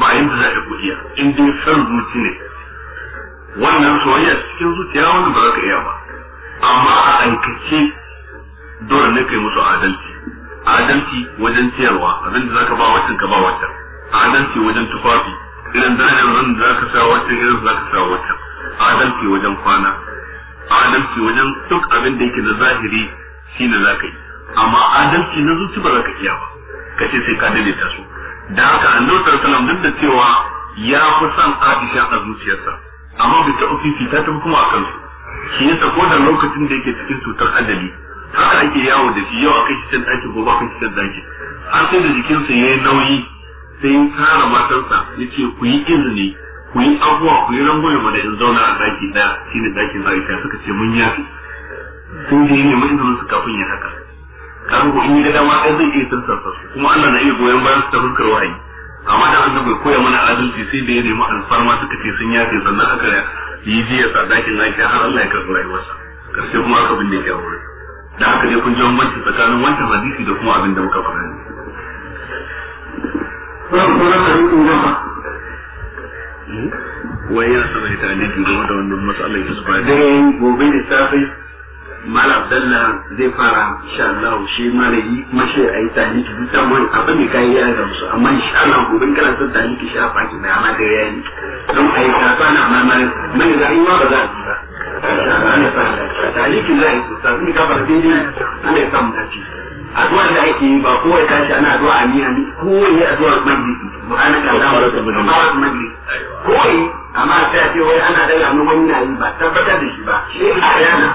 ba yin da za ka iya in dai san zuci ne wannan soyayya cikin zuciya wannan ba za ka iya ba amma a aikace dole ne kai musu adalci adalci wajen ciyarwa abin da zaka ba wajen ka ba wajen. adalci wajen tufafi idan da zanen zan da zaka sa wajen irin zaka sa wajen. adalci wajen kwana adalci wajen duk abin da yake da zahiri shine zaka yi amma adalci na zuci ba za ka iya ba kace sai ka daidaita su da haka annabi sallallahu duk da cewa ya fi son Aisha a zuciyarsa amma bai taɓa fifita ta kuma a kansu shi yasa ko da lokacin da yake cikin cutar adali haka ake yawo da shi yau a kai shi can ɗaki gobe a kai shi can har sai da jikinsa ya yi nauyi sai ya tara matarsa ya ce ku yi izini ku yi abuwa ku yi rangoyi ma da in zauna a ɗaki ɗaya shi ne ɗakin Aisha suka ce mun yafi sun je ne neman izinin su kafin ya haka kan in yi gada ma ai zai iya sulsarsa kuma Allah na iya goyon bayan su ta rukar wahayi amma dan bai koya mana adalci sai da ya nemi alfarma suka ce sun yafe sannan aka yi jiya sa dakin Aisha har Allah ya karɓi rayuwarsa karshe kuma aka bin da ya aure da haka dai kun ji bambanci tsakanin wancan hadisi da kuma abin da muka faɗa ne hmm? wai yana sama da tare da da wannan matsalar ya su ba dare gobe da safe mala abdalla zai fara insha Allah shi malayi kuma shi a yi taliki duk da mun abin da kai ya ga musu amma insha Allah gobin kana son tani ki sha faki mai amma da yayi don ai ka sana amma mai mai da in ma ba za a zai ka bar ne addu'a da ake yi ba kowa ya tashi ana addu'a kowa ya addu'a kowa amma sai ce wai ana da mun wani na yi ba tabbatar da shi ba shi ayana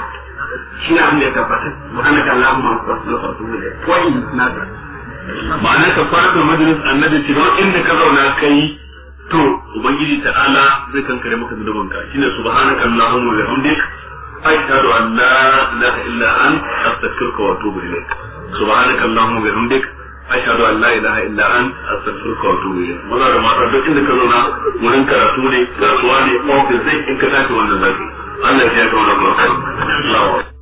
shi abin da ya tabbata subhanaka allahumma wa bihamdika na inna ma'ana ka fara majalis annabi ci don inda ka zauna kai to ubangiji ta'ala zai kankare maka zunuban ka shine subhanaka allahumma wa bihamdika ashhadu an la ilaha illa anta astaghfiruka wa atubu ilaik subhanaka allahumma wa bihamdika ashhadu an la ilaha illa anta astaghfiruka wa atubu ilaik maza da mata duk inda ka zauna wurin karatu ne kasuwa ne ofis zai in ka tashi wannan zaki. Allah ya ga wannan